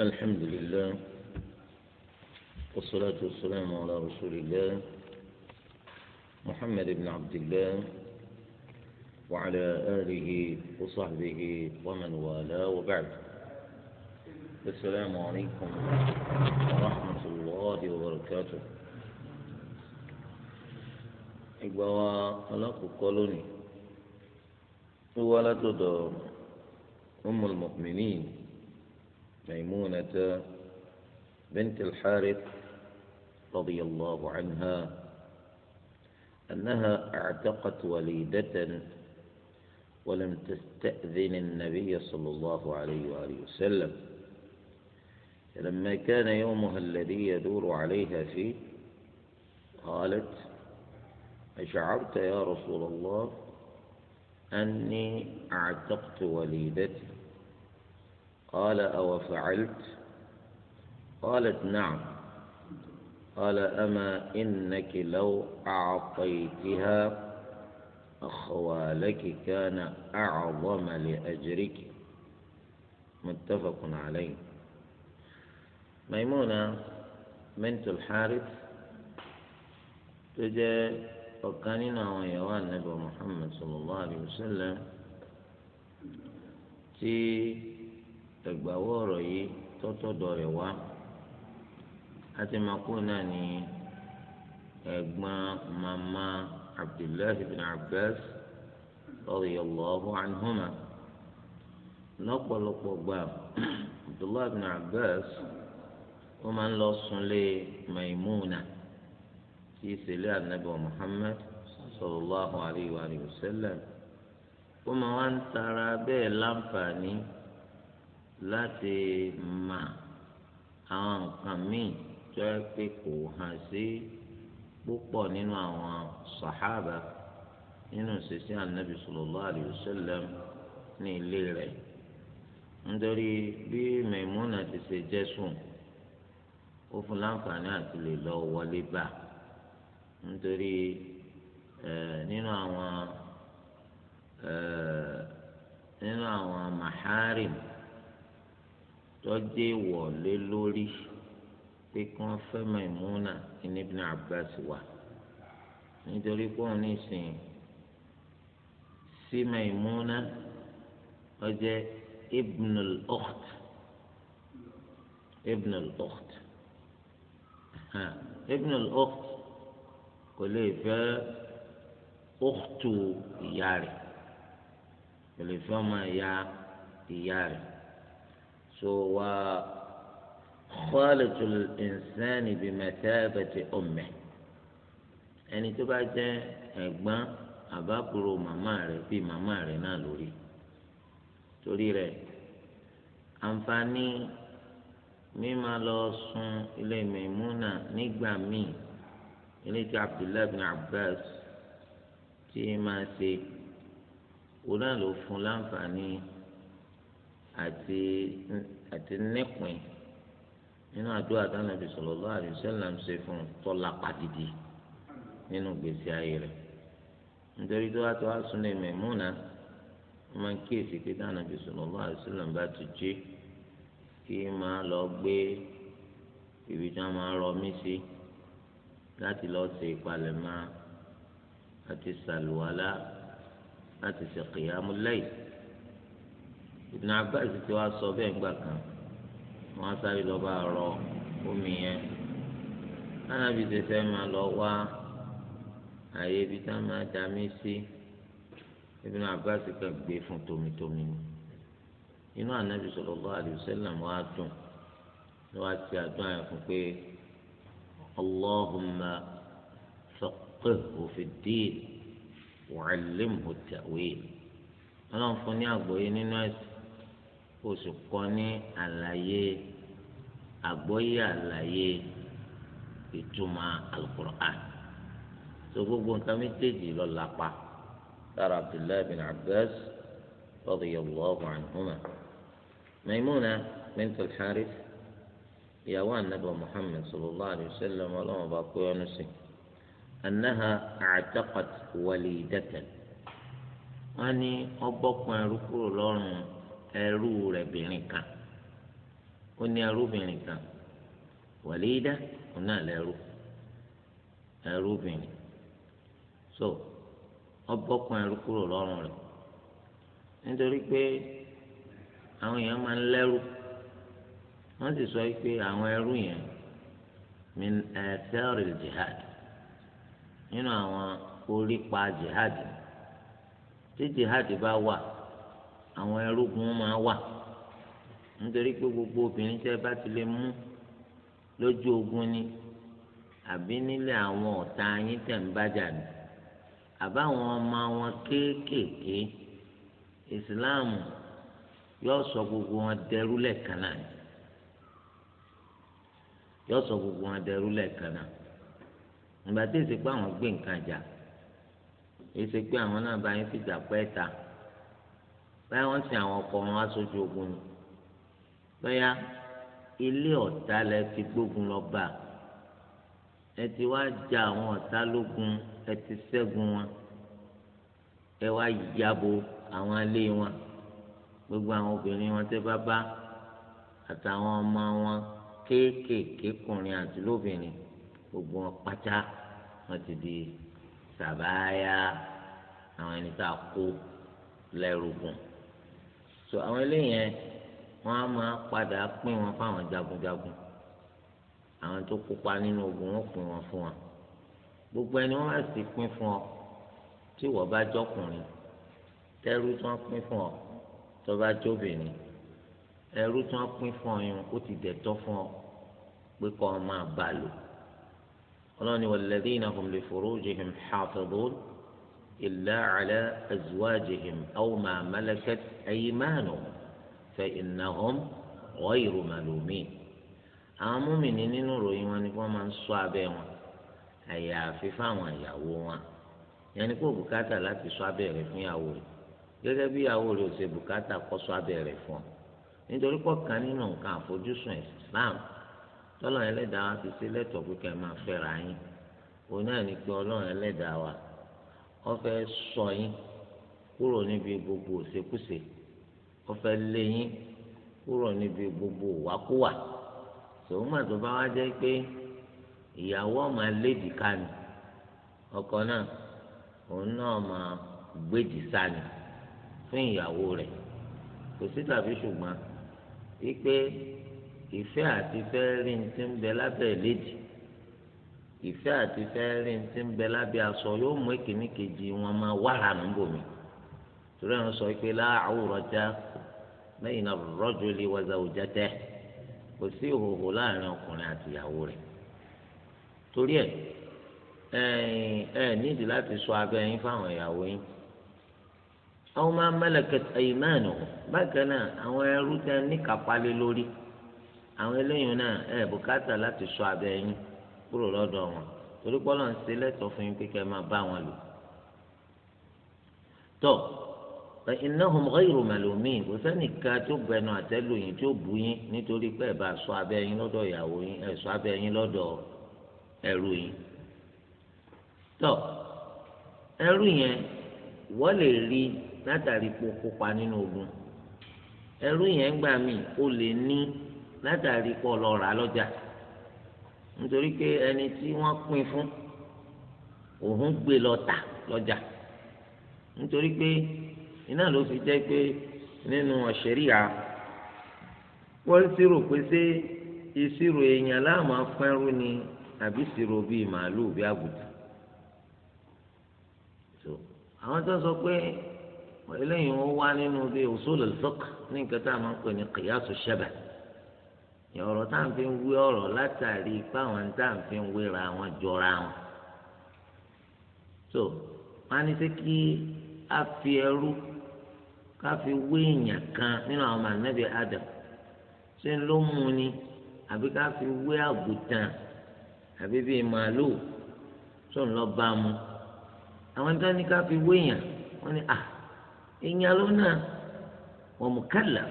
الحمد لله والصلاة والسلام على رسول الله محمد بن عبد الله وعلى آله وصحبه ومن والاه وبعد السلام عليكم ورحمة الله وبركاته إبوا خلق قولني هو لتدور أم المؤمنين ميمونة بنت الحارث رضي الله عنها أنها اعتقت وليدة ولم تستأذن النبي صلى الله عليه وآله وسلم فلما كان يومها الذي يدور عليها فيه قالت أشعرت يا رسول الله أني اعتقت وليدتي قال أو فعلت قالت نعم قال أما إنك لو أعطيتها أخوالك كان أعظم لأجرك متفق عليه ميمونة بنت الحارث تجي وكاننا ويوان نبي محمد صلى الله عليه وسلم تي ẹgbàwọ́ ọ̀rọ̀ yìí tọ́tọ̀dọ̀ rẹ̀ wá láti máa kó náà ní ẹ̀gbọ́n abdullahi bin abbas radiyallahu anhuma lọ́pọ̀lọpọ̀ gbà abdullahi bin abdullahi ó máa ń lọ maimuna tí ìṣẹ̀lẹ̀ anabi muhammad sallallahu alayhi wa sallam ó máa ń tara bẹ́ẹ̀ láǹfààní. láti mà àwọn nǹkan míì tó yẹ pé kò hàn sí púpọ̀ nínú àwọn sàhábà nínú ànábì sallallahu alaihi ní ilé rẹ̀ nítorí bí ti ṣe jẹ́ sùn ó fún láǹfààní àti lè lọ wọlé nítorí nínú maharim. tọ́jú ìwọ̀lé lórí pé kí wọ́n fẹ́ Maimuna ní Ibn Abbas wà nítorí pé òun nìsín sí Maimuna ọjẹ́ Ibn al-Ukht Ibn al-Ukht Ibn al kò lè fẹ́ ukhtu ìyá rẹ̀ kò lè fẹ́ ọmọ ìyá ìyá rẹ̀. سوى خالق الإنسان بمثابة أمه يعني تبقى أجبان àbákùrò màmá rẹ bí màmá rẹ náà lórí torí rẹ àǹfààní mímá lọ sùn ilé Maimuna nígbà míì ilé tí Abdullahi bin Abbas tí máa ṣe òun náà ló fún láǹfààní àti àti nípìn nínú àdúrà dáná bí sallallahu alaihi wasallam ṣe fún tọ́lá pàdídì nínú gbèsè ayé rẹ̀ nítorí tó wá tó wá sún lè Maimuna wọ́n máa ń kíyèsí pé dáná bí sallallahu alaihi wasallam bá ti jí kí máa lọ gbé ibi tí wọ́n máa rọ mí sí láti lọ ṣe ìpalẹ̀mọ́ àti sàlùwálá láti ṣe qiyamul layl. Ibn Abbas ti wá sọ bẹ́ẹ̀ gbà kan wọ́n á sáré lọ bá rọ omi yẹn anábì tẹsẹ̀ máa lọ wá àyè ibi tá a máa dá mi sí Ibn Abbas kan gbé fún tomitomi ni inú anábì sallallahu alaihi wasallam wá dùn ni wá ti àdúrà yẹn fún pé Allahumma faqqihhu fid-din wa 'allimhu at-ta'wil ọlọ́run fún ní àgbọ́yé nínú ẹ̀sìn oṣù kan ní àlàyé àgbọ́yé àlàyé ìtumọ̀ alukur'an so gbogbo nǹkan méjèèjì lọ lápá lára abdullahi bin abbas radiyallahu anhuma maimuna bint al-harith ìyàwó anabi muhammed sallallahu alayhi wa sallam ọlọ́run ọba kó yọnu sí anaha a'taqat walidatan wọn ni ọgbọ́kùn ẹrú lọ́rùn. ẹrú rẹ̀ bìnrin kan ó ní ẹrúbìnrin kan wàlídà òun náà lẹrú ẹrúbìnrin so ọbọkùn ẹrú kúrò lọ́rùn rẹ̀ nítorí pé àwọn èèyàn máa ń lẹ́rú wọ́n sì sọ pé àwọn ẹrú yẹn min ẹ̀ẹ́dẹ́rì jihad nínú àwọn orípa jihad tí jihad bá wà. àwọn ẹrúgun máa wà nítorí pé gbogbo obìnrin tẹ́ bá ti lè mú lójú ogun ni àbí nílé àwọn ọ̀tá yín tẹ̀ ń bájà ni àbáwọn ọmọ wọn kéékèèké ìsìláàmù yóò sọ gbogbo wọn dẹrú lẹ́ẹ̀kan náà yóò sọ gbogbo wọn dẹrú lẹ́ẹ̀kan náà ìgbà tí èsì pé àwọn gbé nǹkan jà èsì pé àwọn náà bá yín fìjà pẹ́ ta báyà wọ́n sin àwọn ọkọ wọn aṣojú ogun ni báyà ilé ọ̀tá lẹ ti gbógun lọ bá ẹ ti wá ja àwọn ọ̀tá lógun ẹ ti ṣẹ́gun wọn ẹ wá yabo àwọn ilé wọn gbogbo àwọn obìnrin wọn tẹ bá bá àtàwọn ọmọ wọn kéékèèké kùnrin àti lóbìnrin gbogbo wọn pátá wọn ti di sàbáyà àwọn ẹni tá a kó lẹ́rù gùn so àwọn eléyẹn wọn á máa padà pín wọn fáwọn jagunjagun àwọn tó kópa nínú ogun wọn pín wọn fún wọn gbogbo ẹni wọn bá sì pín fún ọ tí wọn bá jọkùnrin tẹrú tí wọn pín fún ọ tó bá jóbìnrin ẹrú tí wọn pín fún ọ ó ti dẹ̀tọ́ fún ọ pé kọ ọ máa bá lò ọlọ́ni walladhina hum li furujihim hafidhun. إلا على أزواجهم أو ما ملكت أيمانهم فإنهم غير ملومين àwọn mọ́mìnì nínú ìròyìn wọn ni wọ́n máa ń ṣọ́ abẹ́ wọn àyàfi fáwọn ìyàwó wọn yẹn ni kò bùkátà láti ṣọ́ abẹ́ rẹ̀ fún ìyàwó rẹ̀ gẹ́gẹ́ bí ìyàwó rẹ̀ ò ṣe bùkátà kó ṣọ́ abẹ́ rẹ̀ fún ọ nítorí pọ̀ nínú nǹkan àfojúsùn Islam tọ́lọ́run ẹlẹ́dàá wa ti ṣe lẹ́tọ̀ọ́ pé kẹ́ máa fẹ́ra yín òun náà ni pé ọlọ́run ẹlẹ́dàá wa wọ́n fẹ́ sọ yín kúrò níbi gbogbo òṣèkúṣe wọ́n fẹ́ lé yín kúrò níbi gbogbo òwákúwà tòun mà tó bá wá jẹ́ pé ìyàwó ọ̀mà léèdì kánì ọkọ náà òun náà máa gbèjì sani fún ìyàwó rẹ̀ kò sí tàbí ṣùgbọ́n wípé ìfẹ́ àti fẹ́ rí ti ń bẹ lábẹ́ léèdì ìfẹ́ àti fẹ́ẹ́rì ti ń bẹ lábẹ́ aṣọ yóò mú èkìní kejì wọn máa wàrà nùbò mi torí àwọn sọ pé láàwùrọ̀já lẹ́yìn náà rọ́jò lè wáza òjá tẹ́ kò sí ìhòòhò láàrin ọkùnrin àti ìyàwó rẹ̀ torí ẹ̀ ẹ nídìí láti sọ abẹ́ yín fáwọn ìyàwó yín àwọn máa mẹlẹkẹtì ẹyìnmáàánù bákan náà àwọn ẹrú tẹ níkàpálẹ lórí àwọn eléyìí náà ẹ bùkátà láti sọ abẹ́ yín kúrò lọ́dọ̀ wọn torí pọ́lọ́ ń ṣe lẹ́tọ̀ fún yín pé kẹ́ ẹ máa bá wọn lò. tọ́ fa innahum ghayru malumin kò sẹ́nìkan tó gbẹnu àtẹ́lù yín tó bú yín nítorí pé ẹ̀ bá sọ abẹ́ yín lọ́dọ̀ ìyàwó yín ẹ̀ sọ abẹ́ yín lọ́dọ̀ ẹrú yín. tọ́ ẹrú yẹn wọ́n lè rí látàrí pé nínú ogun ẹrú yẹn gbà mí ó lè ní látàrí pé ó lọ́jà nítorí pé ẹni tí wọ́n pín fún òun gbé lọ tà lọ́jà nítorí pé iná ló fi jẹ́ pé nínú ọ̀ṣẹ́ríà wọ́n ti rò pé ṣé ìṣirò èèyàn láàmú afẹ́rú ni àbí ìṣirò bíi màálù bíi àgùntàn àwọn tó sọ pé eléyìí wọ́n wá nínú bíi usul ní nǹkan tá a máa ń pè ní qiyas ash ọ̀rọ̀ tá à ń fi ń wé ọ̀rọ̀ látàrí ipá àwọn tá à ń fi wéra wọn jọra wọn. so wọn á ní sẹ́ kí a fi ẹrú ká fi wé èèyàn kan nínú àwọn mànẹ́bí Adam ṣé ló mú ni àbí ká fi wé àgùntàn àbí bíi màálùú tó ń lọ bá a mú àwọn tó ní ká fi wé èèyàn wọn ni à èèyàn ló náà wọn mú kálà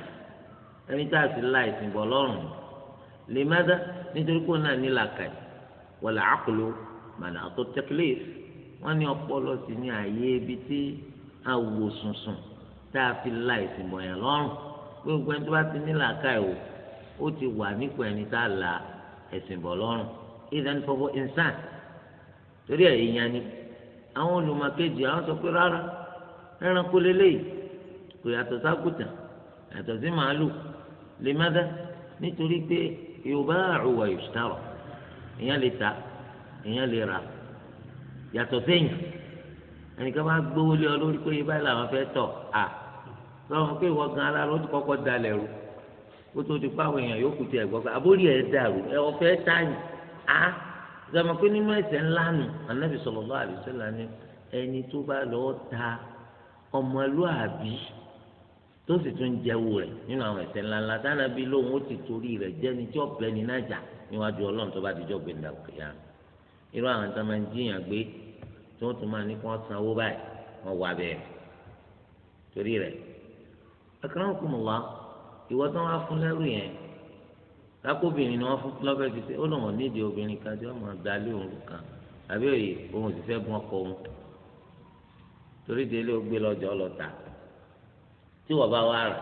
ẹni tá a sì la ìsìn bọ̀ lọ́rùn lèmádà nítorí kó náà ní làkàì wọlé àkùlù màná àtọ tẹkílẹf wọn ní ọpọlọ sí ní ààyè ibi tí àwò sùnsùn tá a fi la ìsìnbọyàn lọ́rùn gbogbo ẹni tó bá ti ní làkàì o ó ti wà nípò ẹni tá a la ẹ̀sìnbọ̀ lọ́rùn ìdáni fọwọ́ ìnsàn torí ẹ̀ ìyàn ni àwọn olùmọ̀kejì àwọn sọ pé rárá ẹranko lélẹ́yìí kò yàtọ̀ sákùtà yàtọ̀ sí màálù lèmádà nítorí pé yuba'u wa yushtara èèyàn lè ta èèyàn lè rà yàtọ̀ sẹ́yìn ẹnìkan bá gbówó lé ọ lórí pé ibà làwọn fẹ́ tọ̀ à lọ́wọ́ pé ìwọ gan alára ó ti kọ́kọ́ dalẹ̀ rú kó tó ti pa àwọn èèyàn yòókù tiẹ̀ gbọ́ pé àbórí ẹ̀ dàrú ẹ̀ ọ̀fẹ́ táyì á zọmọ pé nínú ẹ̀ṣẹ̀ ńlá nù Ànábì sallallahu alaihi wasallam ni ẹni tó bá lọ́ọ́ ta ọmọlúàbí tó sì tún jẹ́wọ́ rẹ̀ nínú àwọn ẹ̀ṣẹ̀ ńláńlá dáná bí lóun ó ti torí rẹ̀ jẹ́ni tí ọ̀bẹ ni náà jà níwájú ọlọ́run tó bá dijọ́ gbẹ̀ndà òkèèyà irú àwọn tó máa ń jiyàn gbé tó tún máa ní kí wọ́n san owó báyìí wọ́n wà bẹ́ẹ̀ torí rẹ̀ akérèwọ́n kùn wá ìwọ tó wá fún lẹ́rù yẹn lákòbìnrin ni wọ́n fún lọ́fẹ̀ẹ́ fi ṣe ó lọ́wọ́ nídìí obìnrin kan tí wọ́n máa dalé òun kan àbí òye òun sì fẹ́ bọ́ ọkọ òun torí délé ó gbé lọ́jọ́ ọlọ́ta tí wọ́n bá wà rà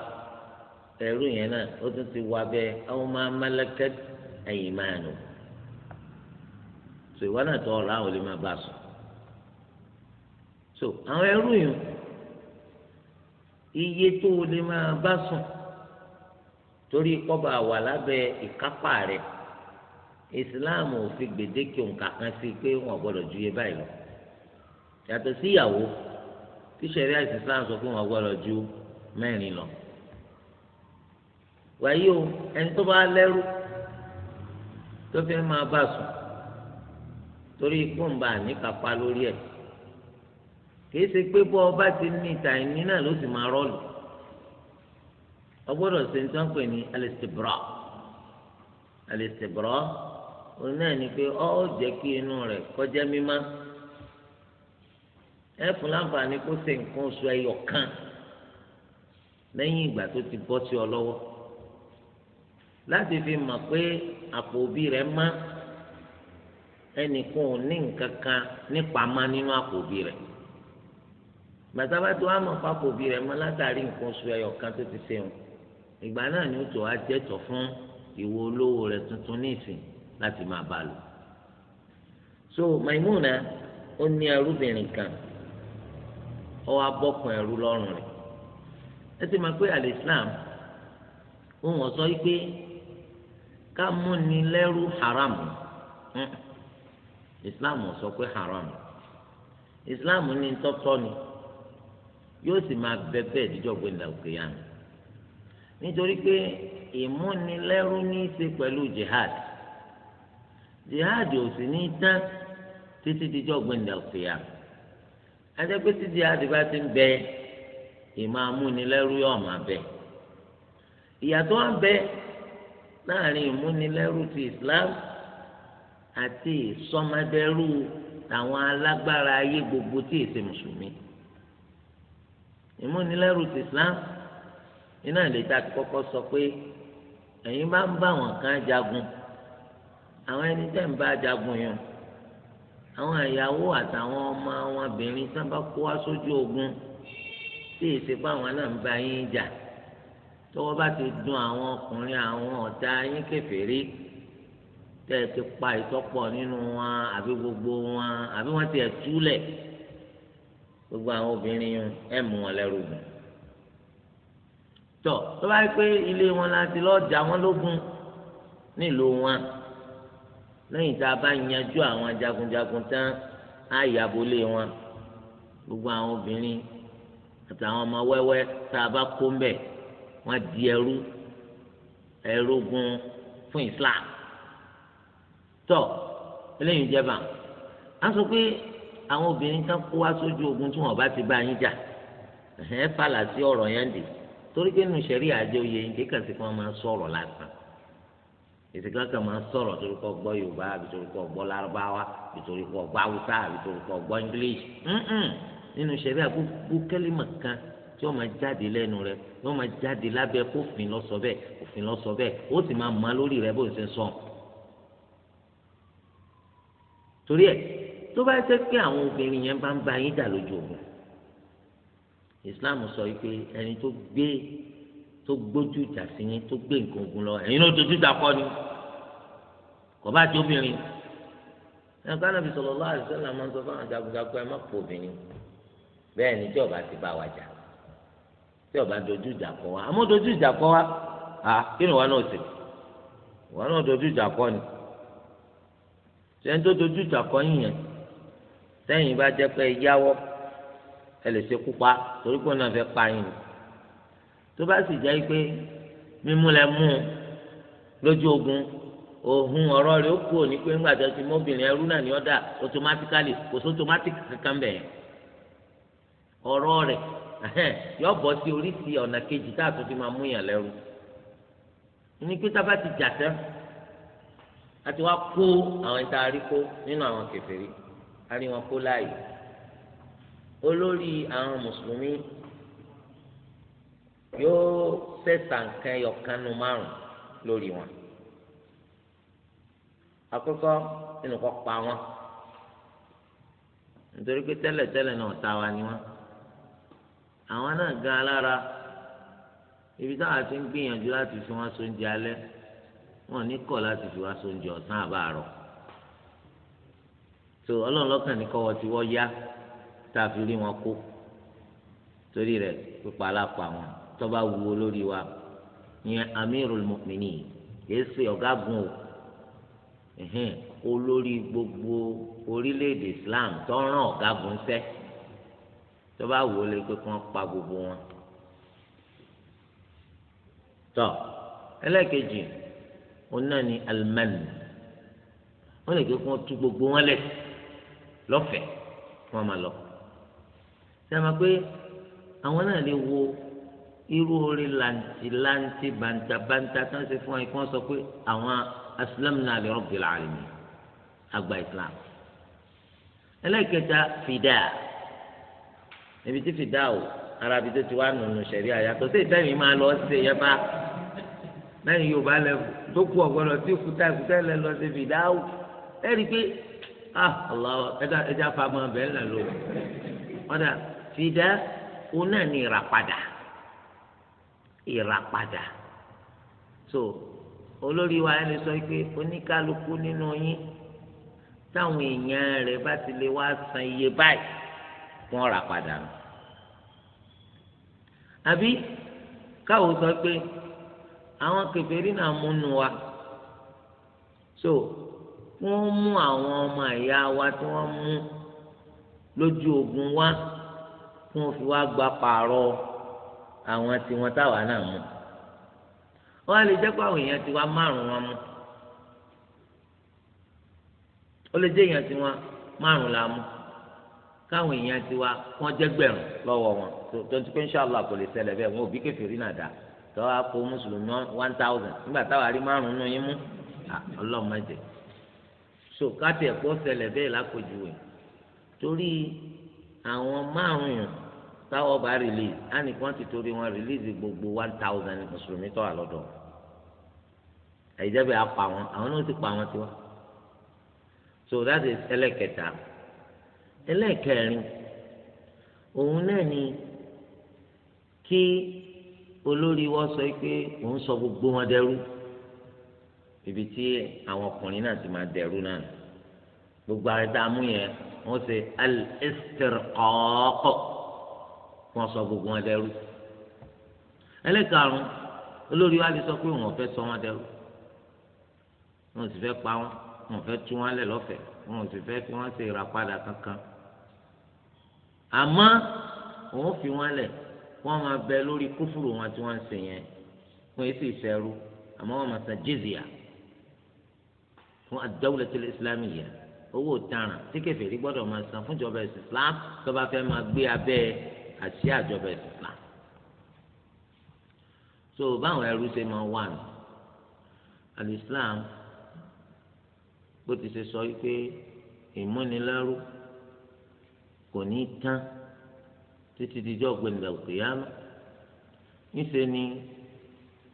ẹrú yẹn náà ó tún ti wà bẹ́ẹ̀ àwọn máa mẹ́lẹ́kẹ́ ẹ̀yìn máa nù so ìwọ náà tó ọ̀rọ̀ àwọn olè máa bá sùn so àwọn ẹrú yẹn iye tó olè máa bá sùn torí kọ́ba wà lábẹ́ ìkápá rẹ̀ ìsìláàmù ò fi gbèdéke òǹkà kan sí pé wọn gbọ́dọ̀ ju iye báyìí lọ yàtọ̀ sí ìyàwó tíṣẹ̀rí àìsàn sáà sọ pé wọn gbọ́dọ̀ ju mẹ́rin lọ wàyí o ẹni tó bá lẹ́rú tó fẹ́ máa bá sùn torí ikú bá lórí ẹ̀ ṣe pé ọba ti ní ìta ìní náà ló sì máa rọ́ọ̀lù ọgbọ́dọ̀ ṣe ní pè ní alẹ́sìtìbọ́rọ̀ alẹ́sìtìbọ́rọ̀ òun náà ni pé ó jẹ́ kí inú rẹ̀ kọjá mímá ẹ fún láǹfààní kó ṣe nǹkan oṣù ẹyọ kan. lẹ́yìn ìgbà tó ti bọ́ sí ọ lọ́wọ́ láti fi mọ̀ pé àpò òbí rẹ̀ má ẹnìkan ò ní nǹkan kan nípamọ́ nínú àpò òbí rẹ̀ gbàtàbàtò àmọ́ àpò òbí rẹ̀ mọ́ látàrí nǹkan oṣù ẹyọ kan tó ti ṣe wọn ìgbà náà ni ó tó wá jẹ́tọ̀ fún ìwọ olówó rẹ̀ tuntun ní ìsìn láti máa bá lò so Maimuna ó ní ẹrúbìnrin kan ó wá bọ́kùn ẹrú lọ́rùn rẹ̀ ẹ ti máa pé àlè islam òun ọ̀sọ́ yìí pé ká haram islam sọ pé haram islam ní tọ́tọ́ ni yóò sì máa bẹ bẹ́ẹ̀ díjọ́ gbẹ̀ndà òkè yá mi nítorí pé ìmúnilẹ́rú ní í ṣe pẹ̀lú jihad jihad ò sì ní tán títí díjọ́ gbẹ̀ndà òkè yá jihad bá ti ń bẹ́ẹ̀. ìmọ̀ amúnilẹ́rú yóò máa bẹ ìyàtọ̀ á bẹ láàrin ìmúnilẹ́rú ti Islam àti ìsọmọdẹ́rú àwọn alágbára ayé gbogbo tí èsè mùsùlùmí ìmúnilẹ́rú ti Islam iná ìlẹ́ta ti kọ́kọ́ sọ pé ẹ̀yin bá ń bá àwọn kan jagun àwọn ẹni tẹ́ ń bá jagun yàn àwọn ìyàwó àtàwọn ọmọ àwọn obìnrin sábà kó wá sójú ogun. So tí èsì pé àwọn náà ń bá yín jà tọ́wọ́ bá ti dun àwọn ọkùnrin àwọn ọ̀tá yín kèfèrí tẹ́ ẹ ti pa ìtọ́pọ̀ nínú wọn àbí gbogbo wọn àbí wọ́n ti ẹ̀ túlẹ̀ gbogbo àwọn obìnrin yín ẹ̀ mú wọn lẹ́rù gùn tọ́ tó bá rí pé ilé wọn láti lọ́ọ́ jà wọ́n lógun nílùú wọn lẹ́yìn tá a bá yanjú àwọn jagunjagun tán á yàbò wọn gbogbo àwọn obìnrin àtàwọn ọmọ wẹ́wẹ́ tá a bá kó mbẹ̀ wọ́n di ẹrú ẹrúgun fún Islam tọ́ eléyìí jẹba a sọ pé àwọn obìnrin kan kó wá sójú ogun tí wọ́n bá ti bá yín jà ẹ fàlà sí ọ̀rọ̀ yẹn dì torí pé nù sẹ́rí àjọ yẹ yín kéka sí kí wọ́n máa sọ̀rọ̀ lásán ìsìnká kan máa sọ̀rọ̀ torí kọ́ gbọ́ Yorùbá àbí torí kọ́ gbọ́ Lárúbáwá àbí torí kọ́ gbọ́ Haúsá àbí torí kọ́ gbọ́ English nínú sẹ̀ríà gbogbo kẹ́límà kan tí wọ́n máa jáde lẹ́nu rẹ̀ wọ́n máa jáde lábẹ́ kó òfin lọ sọ bẹ́ẹ̀ òfin lọ sọ bẹ́ẹ̀ ó sì máa ma lórí rẹ̀ bó ṣe sọ. torí ẹ̀ tó bá jẹ́ pé àwọn obìnrin yẹn bá ń ba yín dà lójú ogun Islam sọ pé ẹni tó gbé tó gbójú ìjà sí yín tó gbé nǹkan ogun lọ ẹ̀yin ló dojú ìjà kọ́ ni kò bá jẹ́ obìnrin ẹ̀ka náà fi sọ̀rọ̀ lọ́wọ́ àdìsẹ́ làwọn sọ fún àwọn jagunjagun má pọ̀ obìnrin bẹ́ẹ̀ ni tí ọba ti bá wa jà tí ọba dojú ìjà kọ wa àmọ́ dojú ìjà kọ wa à kí ni wọn náà ṣe wọn náà dojú ìjà kọ ni sẹ́ni tó dojú ìjà kọ yìnyẹn sẹ́yìn bá jẹ́ pé yáwọ́ ẹ lè ṣe kú pa torí pé náà fẹ́ pa yín ni tó bá sì jẹ́ pé mímú lẹ mú un lójú ogun òhun ọ̀rọ̀ rẹ̀ ó kú òní pé ńgbà tó ti mọ́bìnrin ẹrú náà ní ọ̀dà automatically kò sí automatic kankan bẹ́ẹ̀ ọ̀rọ̀ rẹ̀ yọ bọ́ sí oríṣi ọ̀nà kejì tá a tún fi máa mú yàn lẹ́rú ní pé tá a bá ti jà tán a ti wá kó àwọn ìta rí kó nínú àwọn kèfèrí a rí wọn kó láàyè olórí àwọn mùsùlùmí yóò sẹ̀sà nǹkan ẹyọkanu márùn lórí wọn àkọ́kọ́ nínú kọ́ pa wọn nítorí pé tẹ́lẹ̀tẹ́lẹ̀ náà ta wa ni wọn àwọn náà gan alára ibi táwọn ti ń gbìyànjú láti fi wọn sóúnjẹ alẹ́ wọn ní kọ̀ láti fi wọn sóúnjẹ ọ̀sán àbáàrọ̀ tó ọlọ́run lọ́kàn ní kọ́wọ́ tí wọ́n yá tá a fi rí wọn kó torí rẹ̀ pípa alápá wọn tọ́ba wu olórí wa ìyẹn amirul mu'minin kìí ṣe ọ̀gágun o olórí gbogbo orílẹ̀-èdè Islam tó ń rán ọ̀gágun tó bá wò ó lè pé kí wọ́n pa gbogbo wọn. tọ́ ẹlẹ́ẹ̀kejì òun náà ni alimẹ́nu wọ́n lè pé kí wọ́n tú gbogbo wọn lẹ̀ lọ́fẹ̀ẹ́ kí wọ́n máa lọ. ṣé ẹ máa pé àwọn náà lè wo irú orí làǹtìlàǹtì bàǹtàbàǹtà tó ń ṣe fún wọn kí wọ́n sọ pé àwọn asilamuna li rabbil alamin àgbà islam ẹlẹ́ẹ̀kẹta fìdá ibi tí fìdáwò ara ibi tó ti wá nùnú sẹ̀rí àyàtọ̀ sí ìtẹ́yìn máa lọ sí ẹ̀yẹ bá lẹ́yìn yorùbá lẹ́wọ̀ tó kú ọ̀gbọ́dọ̀ tí òkúta ìkúta ẹ̀ lọ sí fìdáwò ẹ̀ rí i pé ah ọlọ́wọ́ ẹja fama bẹ́ẹ̀ lẹ́ lò ọ̀dà fìdá òun náà ní ìràpadà ìràpadà so olórí wa ẹni sọ pé oníkálukú nínú yín táwọn èèyàn rẹ̀ bá ti lè wá san iye báyìí wọ́n rà nù àbí káwọn sọ pé àwọn kèfèrí náà múnú wa so wọ́n mú àwọn ọmọ ẹ̀yà wa tí wọ́n mú lójú ogun wa kí wọ́n fi wá gba pààrọ̀ àwọn tiwọn táwa náà mú wọ́n á lè jẹ́ pé àwọn èèyàn tiwa márùn wọn mú ó lè jẹ́ èèyàn tiwa márùn la mú káwọn èèyàn tiwa wọ́n jẹ́ gbẹ̀rún lọ́wọ́ wọn tó ń ti pé inṣàlá kò lè ṣẹlẹ̀ bẹ́ẹ̀ wọn ò bí kẹfìrí náà dá tó a kó mùsùlùmí one thousand nígbà táwa rí márùn nù yín mú ọlọ́mọdé so káàtì ẹ̀kọ́ ṣẹlẹ̀ bẹ́ẹ̀ lápòjúwe torí àwọn márùn táwọn bá release á nìkan ti torí wọn release gbogbo one thousand mùsùlùmí tó wà lọ́dọ̀ ẹ̀jẹ̀bẹ̀ apá wọn àwọn náà ti pa wọn tiwa so that is ẹlẹ́kẹta ẹlẹ́kẹrin òun náà ni kí olórí wọn sọ pé òun sọ gbogbo wọn dẹrú ibi tí àwọn ọkùnrin náà ti máa dẹrú náà gbogbo àwọn ẹ̀dá amú yẹn wọ́n ṣe al-istirqaq wọ́n sọ gbogbo wọn dẹrú ẹlẹ́karùn-ún olórí wa ti sọ pé wọ́n fẹ́ sọ wọn dẹrú wọ́n sì fẹ́ pa wọn wọ́n fẹ́ tú wọn lẹ̀ lọ́fẹ̀ẹ́ wọ́n sì fẹ́ fi wọn ṣe ìràpadà kankan àmọ́ wọ́n fi wọn lẹ̀ wọ́n máa bẹ lórí kúfùrù wọn tí wọ́n ń sìn yẹn fún èsì ìṣẹ́rú àmọ́ wọ́n máa san jizya fún ad-dawlatul islamiyya owó taràn tí kèfèrí gbọ́dọ̀ máa san fún ìjọba ẹ̀sìn islam tó bá máa gbé abẹ́ àṣẹ àjọba ẹ̀sìn islam. so báwọn ẹrú ṣe máa wà nù al-islam bó ti ṣe sọ wípé ìmúniláró kò ní tán. títí dijọ́ gbẹ̀ndẹ̀ òkèèyàn níṣẹ́ ni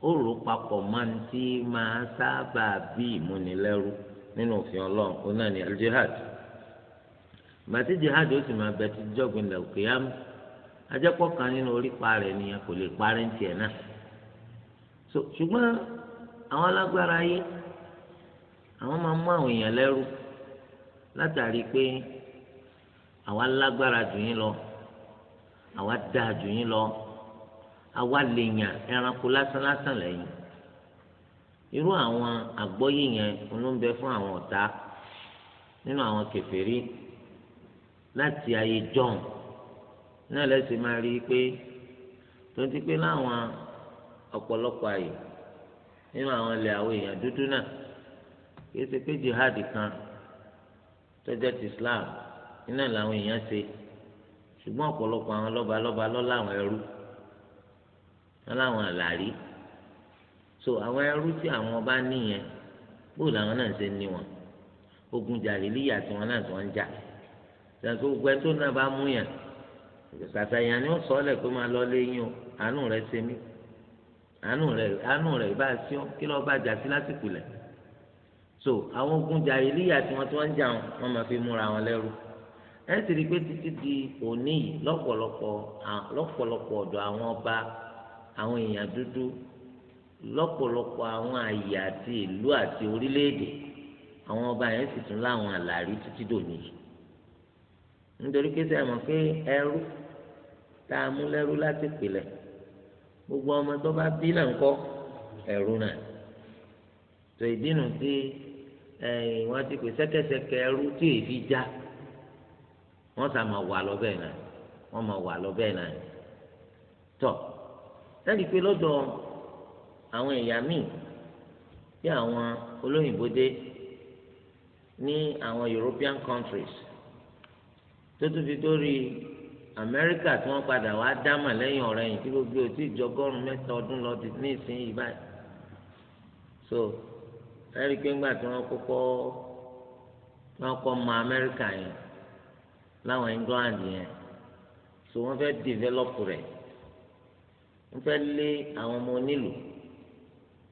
ó papọ̀ máa ń tí máa sábà bí ìmúnilẹ́rú nínú òfin ọlọ́run ó náà ní aljihad bàtí jihad ó sì máa bẹ títí dijọ́ gbẹ̀ndẹ̀ òkèèyàn ajẹ́pọ̀ kan nínú orípa rẹ̀ nìyẹn kò lè parí ní tiẹ̀ náà ṣùgbọ́n àwọn alágbára alagbara àwọn máa mú àwọn èèyàn lẹ́rú látàrí pé yín lọ àwa dáa jù yín lọ àwa lè yàn ẹranko lásán lásán lẹ́yìn irú àwọn àgbọ́yé yẹn ló ń bẹ fún àwọn ọ̀tá nínú àwọn kèfèrí láti ayé john náà lẹ́sìn máa rí i pé tó ti pé láwọn ọ̀pọ̀lọpọ̀ àyè nínú àwọn ilẹ̀ àwọn èèyàn dúdú náà kì í ṣe pé jihad kan tó jẹ́ ti Islam nínú làwọn èèyàn ṣe ṣùgbọ́n ọ̀pọ̀lọpọ̀ àwọn lọ́ba lọ́ba lọ́ láwọn ẹrú lọ́ láwọn àlàrí so àwọn ẹrú tí àwọn bá níyẹn bó làwọn náà ṣe ní wọn ogun jàlélíyà tí wọn náà tí wọn ń jà ṣàǹkó gbogbo ẹ tó náà bá mú yàn sàtàyàn ni ó sọ ọlẹ pé máa lọ léyìn o àánú rẹ ṣe mí àánú rẹ àánú rẹ bá a ṣíọ kí lọ́ọ́ bá jà sí lásìkò lẹ̀ so àwọn ogun jàlélíyà tí wọn tí wọn ń jà wọn máa fi múra wọn lẹ́rú ẹ sì rí i pé títí di òní yìí lọ́pọ̀lọpọ̀ lọ́pọ̀lọpọ̀ ọ̀dọ̀ àwọn ọba àwọn èèyàn dúdú lọ́pọ̀lọpọ̀ àwọn àyè àti ìlú àti orílẹ̀-èdè àwọn ọba yẹn sì tún láwọn àlàrí títí dòní yìí nítorí pé sẹ́yìn mọ̀ pé ẹrú tá a mú lẹ́rú láti pìlẹ̀ gbogbo ọmọ tó bá bí náà ń kọ́ ẹrú náà tó ìdí nù tí wọ́n ti pè sẹ́kẹ́sẹ́kẹ́ ẹrú tí èyí fi já wọ́n sá máa wà lọ bẹ́ẹ̀ náà wọ́n máa wà lọ bẹ́ẹ̀ náà tọ́ láti pé lọ́dọ̀ àwọn ẹ̀yà míì bí àwọn olóyìnbó dé ní àwọn European countries tó tún fi dórí Amẹ́ríkà tí wọ́n padà wá dámà lẹ́yìn ọ̀rẹ́ yìí tí gbogbo ò tí ì jọgọ́rùn-ún mẹ́ta ọdún lọ di ní ìsinyìí báyìí so ẹ̀rí pé ńgbà tí wọ́n kọ́kọ́ wọ́n kọ́ mọ Amẹ́ríkà yẹn láwọn England yẹn so wọ́n fẹ́ develop rẹ̀ wọ́n fẹ́ lé àwọn ọmọ onílù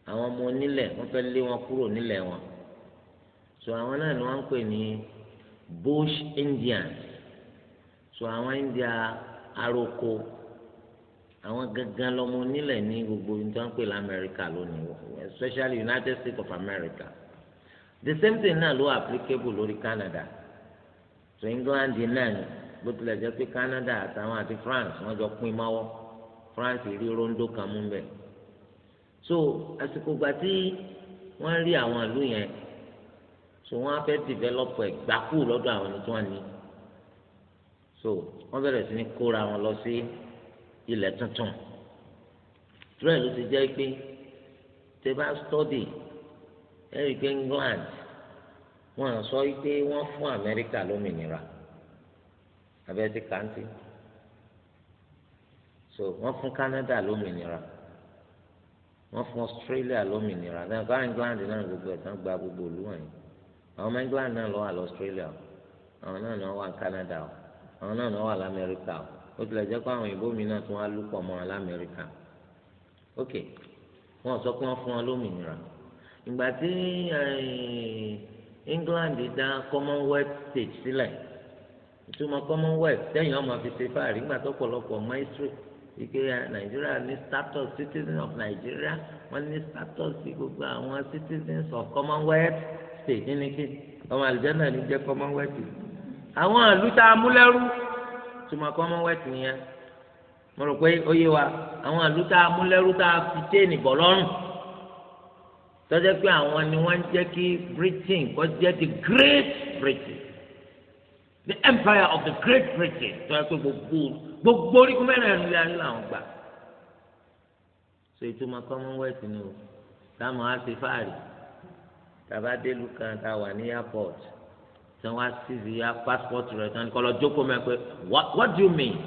àwọn ọmọ onílẹ̀ wọ́n fẹ́ lé wọn kúrò nílẹ̀ wọn so àwọn náà ni wọ́n ń pè ní bush Indians so àwọn India aroko àwọn gangan lọmọ onílẹ̀ ní gbogbo ní wọ́n ń pè lamẹ́ríkà lónìí especially United States of America the same thing náà ló applicable lórí Canada so England náà ni bó tilẹ̀ jẹ́ pé Canada àtàwọn àti France wọ́n jọ pín mọ́wọ́ France rí rondo kan mú bẹ́ẹ̀ so àsìkò gbà tí wọ́n rí àwọn ìlú yẹn so wọ́n á fẹ́ develop ẹ̀gbá kù lọ́dọ̀ àwọn ẹni tí wọ́n ní so wọ́n bẹ̀rẹ̀ sí ní kóra wọn lọ sí ilẹ̀ tuntun tírẹ̀ ló ti jẹ́ pé tẹ́ bá study ẹ̀ rí i pé England wọn à sọ pé wọ́n fún amẹ́ríkà lómìnira abẹ́tí kàńtì so wọ́n fún canada lómìnira wọ́n fún australia lómìnira náà fún england náà gbogbo ẹ̀ tán gba gbogbo ìlú wọ̀nyí àwọn ọmọ england náà lọ wà lọ australia àwọn náà náà wà canada o àwọn náà náà wà lamẹ́ríkà o ó tilẹ̀ jẹ́ pé àwọn òyìnbó mi náà tún wá lúpọ̀ mọ́ wọn lamẹ́ríkà ok wọ́n sọ pé wọ́n fún wọn lómìnira ìgbà tí England dá Commonwealth stage sílẹ̀ ìtumọ̀ Commonwealth tẹ́yìn ọmọ fi ṣe fáàrí ńgbà tó pọ̀lọpọ̀ maestro ike eh, Nigeria ní status citizen of Nigeria wọ́n ní status gbogbo àwọn citizens of Commonwealth state ní kí ọmọ àlùjẹ́nà ní jẹ́ Commonwealth àwọn ìlú tá ìtumọ̀ Commonwealth nìyẹn mo rò pé ó yé wa àwọn ìlú tá a mú lẹ́rú tá a fi téènì bọ̀ lọ́rùn tọ́jẹ́ pé àwọn ni wọ́n ń jẹ́ kí Britain kọ́ jẹ́ the Great Britain the empire of the Great Britain tó pé gbogbo gbogbo orígun mẹ́rin ilé ayé làwọn gbà so ìtumọ̀ Commonwealth ni o táwọn á ti fáàrí tàbá kan tá a wà ní airport tí wọ́n á síbi ya passport rẹ̀ tán kọ́ lọ jókòó mẹ́ pé what do you mean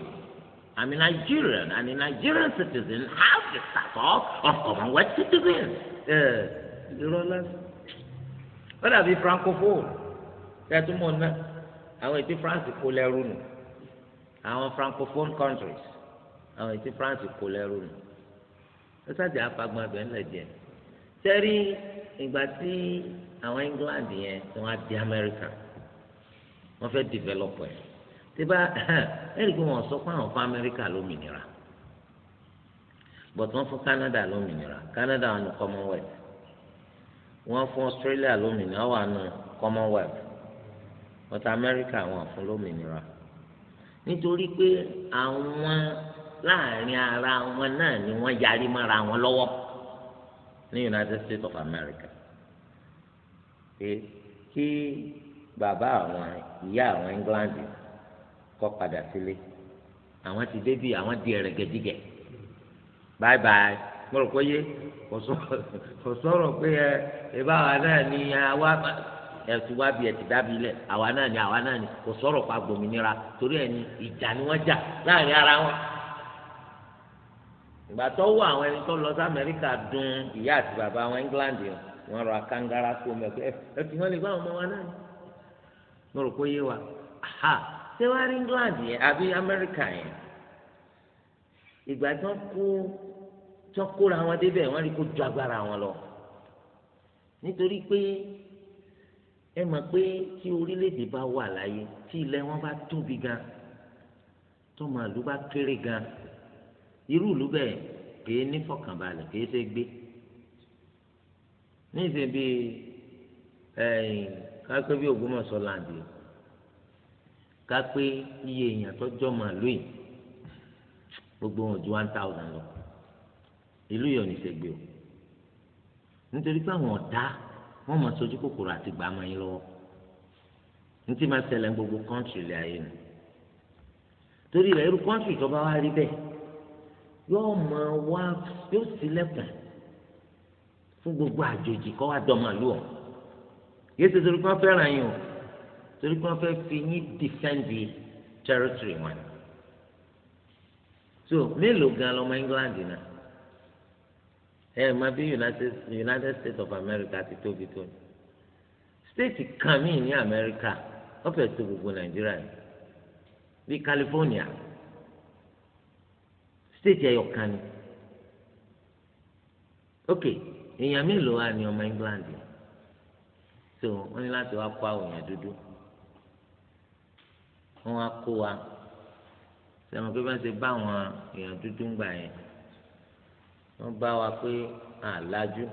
I'm a Nigerian and a Nigerian citizen have the status of Commonwealth citizen. Uh, irọ́ lásán ó dàbí francophone tẹ́tú mọ̀ náà àwọn ètí France kó lẹ́rú nù àwọn francophone countries àwọn ètí France kó lẹ́rú nù ó sàjà afagbọn abẹ ńlẹ jẹ sẹ́rí ìgbà tí àwọn England yẹn tí wọ́n á di America wọ́n fẹ́ develop ẹ̀ tí bá ẹ̀rí pé wọ́n sọ pé àwọn fún America lómìnira but wọ́n fún Canada lómìnira Canada wọn ni Commonwealth wọ́n fún Australia lómìnira wà nù Commonwealth but America wọ́n fún lómìnira nítorí pé àwọn láàrin ara wọn náà ni wọ́n yarí mọ́ra wọn lọ́wọ́ ní United States of America pé kí bàbá àwọn ìyá àwọn England kó padà sílé àwọn ti débi àwọn di ẹrẹgẹdìgẹ bye bye. mo kò sọ̀rọ̀ pé ẹ naa ni àwa ẹtù wá bí dábì lẹ àwa náà àwa náà ni kò sọrọ pa gbòmìnira torí ẹni ìjà ni wọ́n jà láàrin ara wọn ìgbà tó wọ àwọn ẹni tó lọ sí dùn ìyá àti bàbá England yẹn rọ akangara kó mẹ ẹ wọn ni wa ha ṣé wàá rí England yẹn àbí yẹn ìgbà tí wọ́n kóra wọn débẹ̀ wọ́n rí kó ju agbára wọn lọ nítorí pé ẹ mọ̀ pé tí orílẹ̀-èdè bá wà láyé tí ilẹ̀ wọn bá tóbi gan tọmọ ìlú bá kéré gan irú ìlú bẹ́ẹ̀ kìí ní fọkànbalẹ̀ kìí ṣe gbé ní ìsìn bíi ẹ̀yìn kápẹ́ bíi Ògbómọ̀ṣọ́ láǹdì kápẹ́ iye èèyàn tọ́jọ́ màlúù yìí gbogbo wọn ju one thousand lọ ìlú yọ̀ ní sẹ́gbẹ̀ o nítorí pé àwọn ọ̀tá wọ́n máa sojú kòkòrò àti gbà máa yín lọ́wọ́ ní ti máa ṣẹlẹ̀ gbogbo kọ́ńtì ilé ayé nù torí rẹ̀ irú kọ́ńtì ìjọba wa rí bẹ́ẹ̀ yóò máa wá yóò ṣílẹ̀kùn fún gbogbo àjòjì kọ́ wa dọ́mà lù ọ́ yéé ṣe torí pé wọ́n fẹ́ràn yín o torí pé wọ́n fẹ́ fi yín dìfẹ́ǹdì territory wọn so mélòó gan lọmọ England náà ẹ mọ̀ bí United States of America ti tóbi tó ni State kan míì ní America. wọ́n fẹ́ẹ́ tó gbogbo Nàìjíríà yìí bíi California State ẹyọ kan ni ok èèyàn mélòó wà ní ọmọ England yìí so wọ́n ní láti wá kó àwọn èèyàn dúdú wọ́n wá kó wa sẹ́wọ̀n pé bá ń ṣe bá àwọn èèyàn dúdú ń gbà yẹn wọ́n bá wa pé àlájú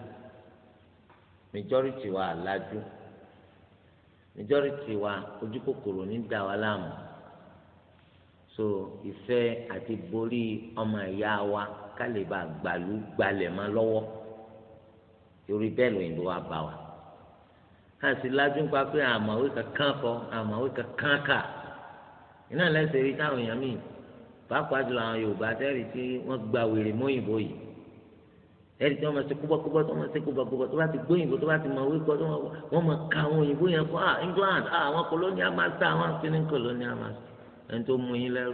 majority wa àlájú majority wa ojú kòkòrò ní dá wa láàmú so ìfẹ́ àti borí ọmọ ìyá wa ká lè bá gbàlú gbalẹ̀ má lọ́wọ́ torí bẹ́ẹ̀ lóyìnbó wa bá wa a sì lájú pa pé àmọ̀wé kankan kọ àmọ̀wé kankan kà iná lẹ́sẹ̀ rí táwọn èèyàn míì pàápàá jùlọ àwọn Yorùbá tẹ́rì tí wọ́n gba wèrè mọ́yìnbó yìí ẹ̀rí tí wọ́n máa ṣe kúbọ̀kúbọ̀ tí wọ́n máa ṣe kúbọ̀kúbọ̀ tó bá ti gbóyìnbó tó bá ti mọ̀ wíkọ́ tó wọ́n máa ka àwọn òyìnbó yẹn fún ah England ah àwọn colonial master àwọn sinin colonial master ẹni tó mú yín lẹ́rú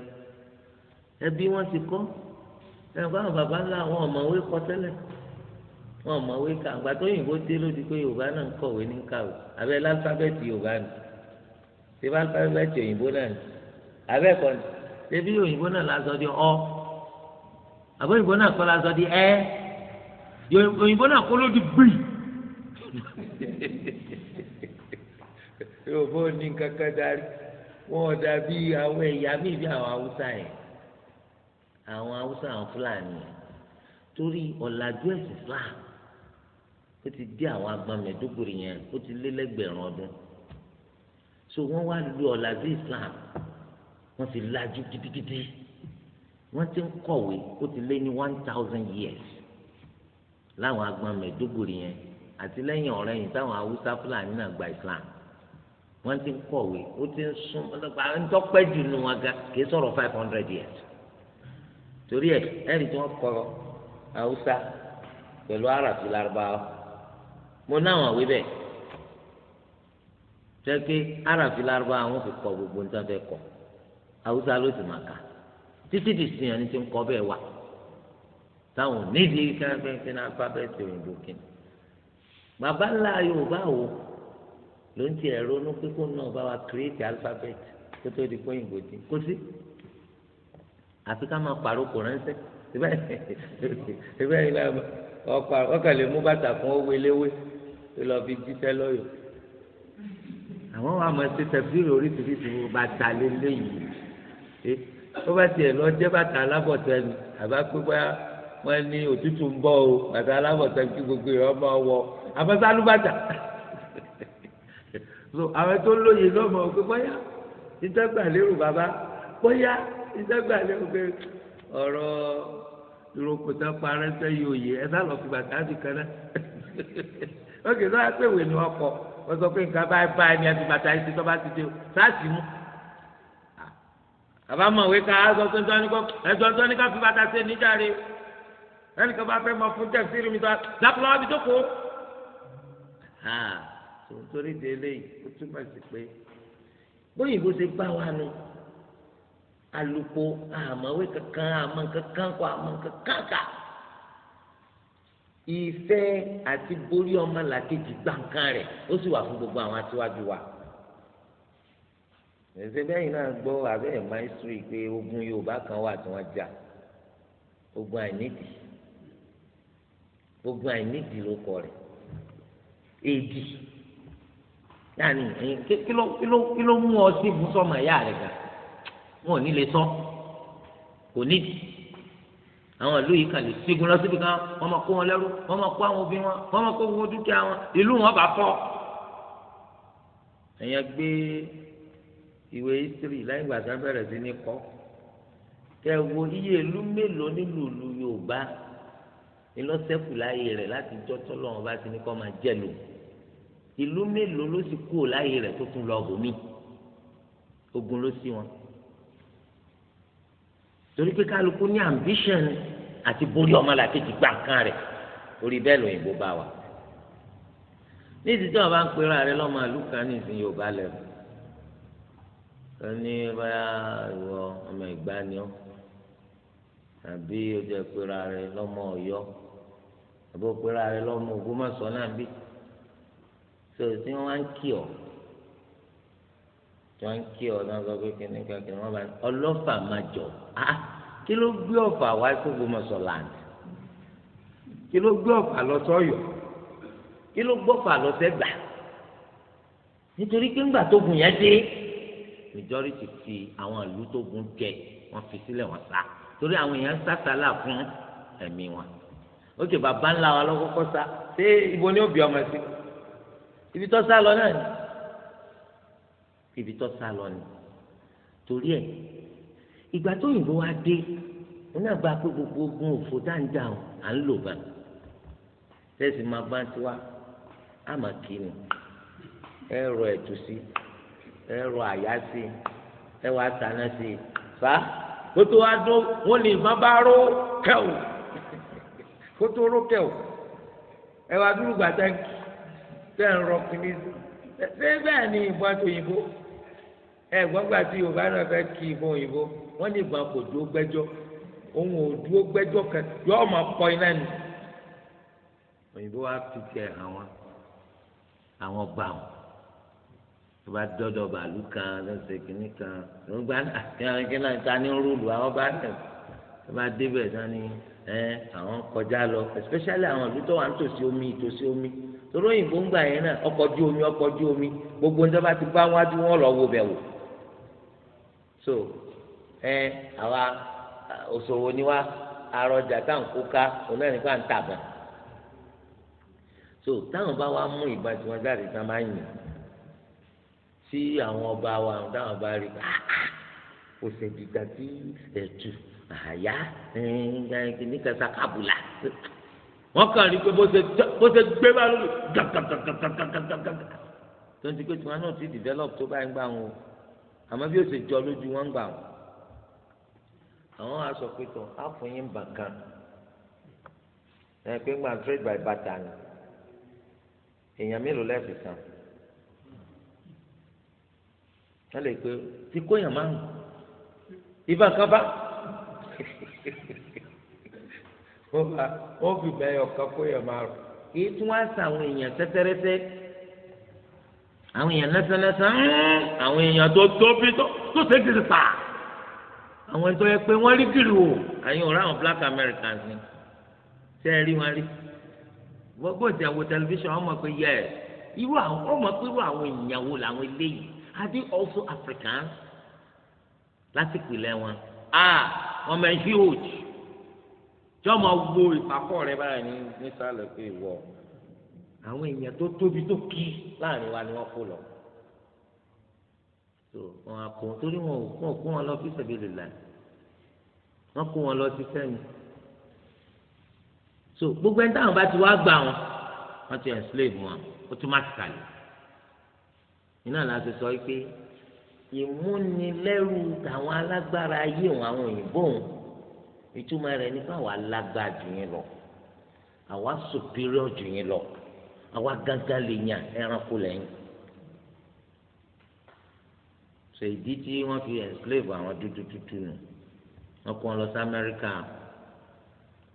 ẹbí wọ́n ti kọ́ ẹ̀rọ báwọn bàbá ńlá àwọn ọ̀mọ̀wé kọ́ tẹ́lẹ̀ wọn ọ̀mọ̀wé ká àgbà tó òyìnbó dé lódì pé Yorùbá náà ń kọ̀wé ní kàwé abẹ́ lálfábẹ́ẹ̀tì Yorùbá ni ṣé lálfábẹ́ẹ̀tì òyìnbó náà ni abẹ́ kọ́ni ṣé bí òyìnbó náà kó lójú gbìn. yóò bó ní kankan darí wọn dàbí àwọn ẹ̀yà míì bí àwọn haúsá yẹn àwọn haúsá àwọn fúlàní yẹn torí ọ̀làjú ẹ̀sìn Islam ó ti dé àwọn agbamẹ̀dógbòrì yẹn ó ti lé lẹ́gbẹ̀rún ọdún so wọ́n wá lu ọ̀làjú Islam wọ́n ti làjú gidigidi wọ́n ti ń kọ̀wé ó ti lé ní one thousand years láwọn agbọn mẹdúgùrì yẹn àti lẹ́yìn ọ̀rẹ́ yìí táwọn haúsá fúlàní náà gba islam wọ́n ti ń kọ̀wé ó ti ń sún ọlọ́pàá àwọn tọpẹ jù nù wọn ga kì í sọ̀rọ̀ five hundred years torí ẹ ẹni tí wọ́n kọ haúsá pẹ̀lú arabi larubawa mo náwọn àwé bẹ́ẹ̀ jẹ pé arabi larubawa wọ́n fi kọ gbogbo nǹkan fẹ́ kọ haúsá ló sì máa kà títí di sìn ẹni tí ń kọ bẹ́ẹ̀ wà táwọn nídìí kí wọn fi ń fi ní alifábẹ́ẹ̀tì òyìnbó kìnnì bàbá ńlá yorùbá wo ló ń tiẹ̀ ronú pé kó náà bá wa kírètì alifábẹ́ẹ̀tì kó tó di pé òyìnbó dín kó sí àfi ká máa pàrọ̀ kò ránṣẹ́ ìbẹ́ẹ̀ ìlà ọkọ̀ lè mú bàtà fún owó eléwé tó lọ fi jíṣẹ́ lọ́yọ̀ àwọn wa máa ṣe tẹ̀síìrì oríṣiríṣi bàtà lélẹ́yìn tó bá tiẹ̀ lọ jẹ́ bàtà alábọ̀tẹ́ni àbá pé bóyá wọ́n ní òtútù ń bọ̀ o bàtà alábọ̀tán kí gbogbo ìwà máa wọ afẹ́sálúbàtà so àwọn tó lóye lọ́mọ pé bóyá ìtẹ́gbà lérò bàbá bóyá ìtẹ́gbà lérò pé ọ̀rọ̀ ìròkòtà parẹ́sẹ́ yóò yẹ ẹ sá lọ fi bàtà á ti kan náà ókè sọ wá pé ìwé ni wọn kọ wọn sọ pé nǹkan báyìí báyìí ni a fi bàtà yìí ti tọ́ bá ti dé o sáàsì mú ah. àbámọ̀ wíkà á sọ tó ń tọ́ ní kọ́ ẹ̀ tó ń tọ́ ní ká fi bàtà sí níjàre lẹ́nu kan bá fẹ́ máa fún jẹ́ sí mi tó dákúlọ́ wábi jókòó. sòtòrí de eléyìí ó túmọ̀ sí pé bóyìnbó ṣe bá wa nu alùpùpù àmọ́wé kankan àmọ́ kankan kọ àmọ́ kankan kà ìfẹ́ àti borí ọmọ làkejì gbàǹkan rẹ̀ ó sì wà fún gbogbo àwọn aṣíwájú wa ẹsẹ bẹyìn náà gbọ́ abẹ ẹ maistri pé ogun Yorùbá kan wà tí wọ́n jà ogun àìnídìí ogun àìnídìí ló kọ rẹ̀ èdì yanni kí ló kí ló kí ló mú ọ sí ibùsọ̀mọ̀ ẹ̀yà rẹ̀ gà wọn ò ní lè sọ kò nídìí àwọn ìlú yìí kàn lè sígun lọ síbi kan wọn máa kó wọn lẹ́rú wọn máa kó àwọn òbí wọn wọn máa kó gbogbo dúkìá wọn ìlú wọn bá fọ́. èèyàn gbé ìwé history láyé ìgbà tá bẹ̀rẹ̀ sí ní kọ́ kẹ́ wo iye ìlú mélòó nílùú Yorùbá ìlọsẹkù láàyè rẹ̀ láti jọ tọlọ́run bá ti ní kọ máa jẹ lò ìlú mélòó ló sì kú láàyè rẹ̀ tó tún lọ bòmí ogun ló sí wọn torí pé kálukú ní ambition àti borí ọmọlàkejì gbà kan rẹ̀ orí bẹ́ẹ̀ lóyìnbó bá wà ní ìsìn tí wọn bá ń pera rẹ̀ lọ́mọ àlùkà ní ìsìn Yorùbá lẹ́wọ̀n ẹni bá ìwọ ọmọ ìgbà ni ọ́ àbí ojú ẹ̀pẹ̀rẹ̀ rẹ lọ́mọ ọ̀yọ́ àbí ọ̀pẹ̀rẹ̀ rẹ lọ́mọ ògbómọ̀ṣọ́ náà bí tó tí wọ́n á ń kí ọ tí wọ́n á ń kí ọ náà sọ pé kíni kankan wọ́n bá ọlọ́fà máa jọ á kí ló gbé ọ̀fà wá sí ògbómọ̀ṣọ́ láǹdì kí ló gbé ọ̀fà lọ sọ́yọ̀ kí ló gbọ́fà lọ sẹ́gbà nítorí pé ńgbà tó gùn yẹn dé majority ti àwọn ìlú tó gùn jẹ wọ́n fi sílẹ̀ wọ́n sá torí àwọn èèyàn sàtàlà fún ẹ̀mí wọn ó ti bàbá ńlá wa lọ́kọ́kọ́ sá ṣé ibo ni ó bí ọmọ sí ibi tó sá lọ náà ni ibi tó sá lọ ni torí ẹ̀ ìgbà tó yìnbó wa dé wọn náà gba pé gbogbo ogun òfò dáńdá o à ń lò bá tẹsí máa bá tiwa á máa kí ni ẹ rọ ẹtù sí ẹ rọ sí fa kótó wa dún wọn lè má bá ró kẹwò kótó ró kẹwò ẹ wá dúró gbàtà tẹ ń rọ kìíní ṣé bẹ́ẹ̀ ni ìbọn àti òyìnbó ẹ gbọ́ngbà tí yorùbá náà fẹ́ kí ìbọn òyìnbó wọ́n ní ìbọn kò dúró gbẹ́jọ́ òun ò dúró gbẹ́jọ́ kan yóò máa pọ iná ni òyìnbó wa fi tiẹ̀ hàn wọn àwọn gbà wọn tó bá dọdọ bàálù kan lọsẹ kìnnì kan ló gbá náà kí wọn kí náà ta ní rúùlù àwọn bá nà tó bá débẹ̀ tán ni ẹ àwọn kọjá lọ especially àwọn ìlú tó wà nítòsí omi ìtòsí omi torí òyìnbó ń gbà yẹn náà ọkọ̀ ojú omi ọkọ̀ ojú omi gbogbo ní tó ti bá wájú wọn lọ wo bẹ̀ wò so ẹ àwa òṣòwò ni wá àròjà tá à ń kó ká òun náà nípa ń tàbọn so táwọn bá wá mú ìbọn tí wọn jáde tán máa yìn tí àwọn ọba wa táwọn bá rí bá ọ̀sẹ̀ dìgbà tí ẹ̀tù àyà nìkan sàkàbùlà wọ́n kàn rí pé bó ṣe gbé bá lórí gàgàgàgàgàgàgàgà tó ń ti pé tiwọn náà ti develop tó báyìí ń gbà wọn o àmọ́ bí ó ṣe jọ lójú wọn ń gbà wọn àwọn aṣọ pẹtọ àfọyín bàkan ẹ pé ń gbà trade by barter ni èèyàn mélòó lẹ́ẹ̀fì kan wọ́n lè pe ti kóyàn máa ń ibà kan bá wọ́n bá wọ́n fi bẹ́ẹ̀ ọ̀kan kóyàn máa rò kí tí wọ́n á sa àwọn èèyàn tẹ́tẹ́rẹ́tẹ́ àwọn èèyàn lẹ́sẹ̀lẹ́sẹ̀ àwọn èèyàn tó tóbi tó ṣe kiri pa àwọn tó yẹ pé wọ́n rí kiri o àyìn ọ̀rọ̀ àwọn black americans ni ṣe é rí wọn rí gbogbo ìjà wo tẹlifíṣàn wọ́n mọ̀ pé yẹ irú àwọn wọ́n mọ̀ pé irú àwọn èèyàn wo làwọn eléyìí are they also Africans láti pìlẹ̀ wọn ah ọmọ ẹ huge jọmọ wo ìpàkọ́ rẹ báyìí ní nísàlẹ̀ pé ìwọ àwọn èèyàn tó tóbi tó kí láàrin wa ni wọ́n kó lọ so wọn àpò torí wọn ò kó wọn kó wọn lọ fi sabilillah wọn kó wọn lọ sí sẹ́yìn so gbogbo ẹni táwọn bá ti wá gbà wọn wọn ti enslave wọn automatically iná la ti sọ pé ìmúnilẹ́rù tàwọn alágbára ayé òun àwọn òyìnbó òun ìtumọ̀ rẹ̀ nípa àwa lágbára jù yín lọ àwa superior jù yín lọ àwa gángan lè yàn ẹranko lẹ́yìn so ìdí tí wọ́n fi enslave àwọn dúdú tútù nù wọ́n kó wọn lọ sí Amẹ́ríkà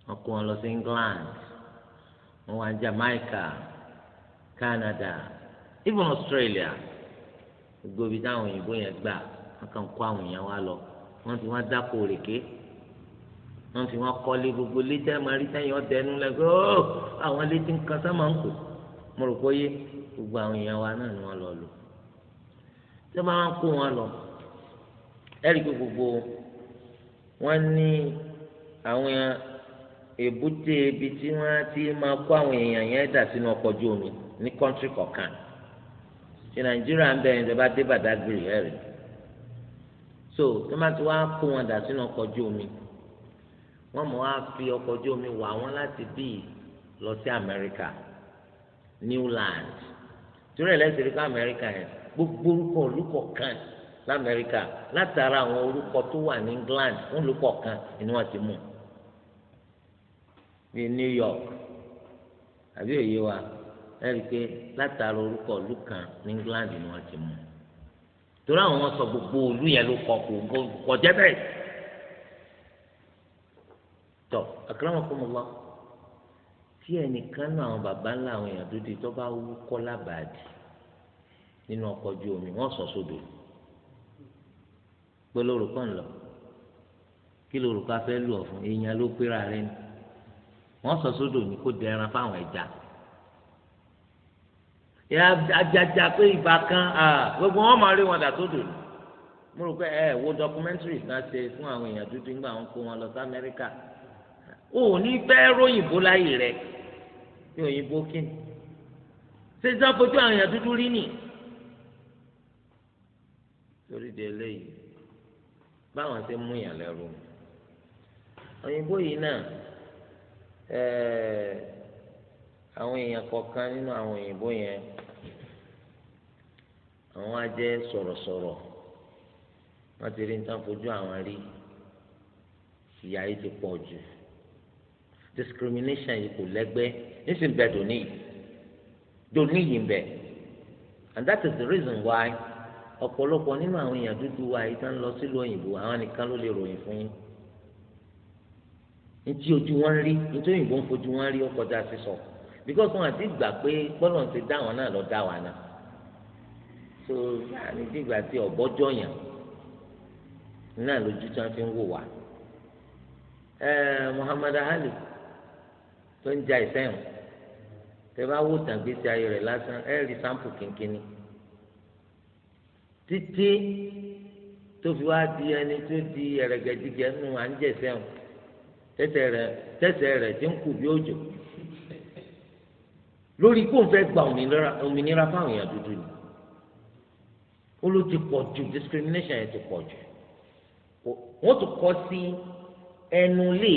wọ́n kó wọn lọ sí England wọ́n wá Jamaica Canada even Australia gbogbo ibi táwọn òyìnbó yẹn gbà wọn kàn kó àwọn èèyàn wá lọ wọn fi wọn dáko òrèké wọn fi wọn kọ́lé gbogbo létí àmàlí táyọ̀ dẹnu lẹ́gbẹ́ ó àwọn létí nǹkan sá máa ń kù mo rò pé yé gbogbo àwọn èèyàn wa náà ni wọn lọ lò tí wọn máa ń kó wọn lọ ẹrí pé gbogbo wọn ní àwọn èbúté ibi tí wọn ti máa kó àwọn èèyàn yẹn dà sínú ọkọ̀ ojú omi ní kọ́ńtírì kọ̀ọ̀kan ti nàìjíríà ń bẹ ẹni tó bá dé Badagry ẹ rẹ so tó má ti wá kó wọn dà sínú ọkọ̀ ojú omi wọ́n mọ̀ wá fi ọkọ̀ ojú omi wà wọ́n láti bíi lọ sí Amẹ́ríkà Newland torí ẹ̀ lẹ́sìn ríkọ́ Amẹ́ríkà yẹn gbogbo orúkọ olùkọ̀ kan lamẹ́ríkà látara àwọn orúkọ tó wà ní England ń lùkọ̀ kan ni wọ́n ti mú bíi New York àbí òye wa ẹ̀rí pé látara orúkọ ìlú kan ní England ni wọ́n ti mú torí àwọn wọn sọ gbogbo ìlú yẹn ló kọ kò kọjá bẹ́ẹ̀ tọ akramakumullah tí ẹnìkan náà àwọn baba ńlá àwọn èèyàn tó di tó bá wú kọ́ lábàádì nínú ọkọ̀ ojú omi wọ́n sọ sódò pé lórúkọ ńlọ kí lórúkọ afẹ́ lù ọ̀ fún èèyàn ló pera rẹ ni wọ́n sọ sódò ní kó dẹran fáwọn ẹja. E yà ajaja pé ibà kan gbogbo wọn máa rí wọn dà sódò ni mo rò pé ẹ wo documentary kan ṣe fún àwọn èèyàn dúdú nígbà wọn kó wọn lọ sí Amẹ́ríkà o ò ní fẹ́ ròyìnbó láyè rẹ ní òyìnbó kíni ṣé ṣe fojú àwọn èèyàn dúdú rí nì torí de eléyìí báwọn ṣe mú yàn lẹ́rù òyìnbó yìí náà ẹ̀ẹ́ àwọn èèyàn kọ̀ọ̀kan nínú àwọn òyìnbó yẹn. àwọn wá jẹ́ sọ̀rọ̀sọ̀rọ̀ wọ́n ti rí nǹkan fojú àwọn rí ìyá yìí ti pọ̀ jù discrimination yìí kò lẹ́gbẹ́ nísìnyí bẹ́ẹ̀ dòní yìí dòní yìí and that is the reason why ọ̀pọ̀lọpọ̀ nínú àwọn èèyàn dúdú wa yìí tán lọ sílùú òyìnbó àwọn nìkan ló lè ròyìn fún yín ntí ojú wọn rí ntí òyìnbó ń fojú wọn rí ó kọjá sísọ because wọn àti gbà pé ti dá wọn náà lọ dá náà so àní dìgbà tí ọ̀bọ́jọ́ yàn náà lójú tí wọ́n fi ń wò wá ẹ̀ẹ́ Ali tó ń ja ìsẹ́yìn tẹ bá wò tàn gbèsè ayé rẹ̀ lásán ẹ̀ rí sáǹpù kínkínní títí tó fi wá di ẹni tó di ẹ̀rẹ̀gẹ̀dìgẹ̀ nù à ń jẹ ìsẹ́yìn tẹsẹ̀ rẹ̀ ti ń kù bí òjò lórí kó n fẹ́ gba òmìnira fáwọn èèyàn dúdú ó ló ti pọ̀ jù discrimination yẹn ti pọ̀ jù wọ́n tún kọ́ sí ẹnu lé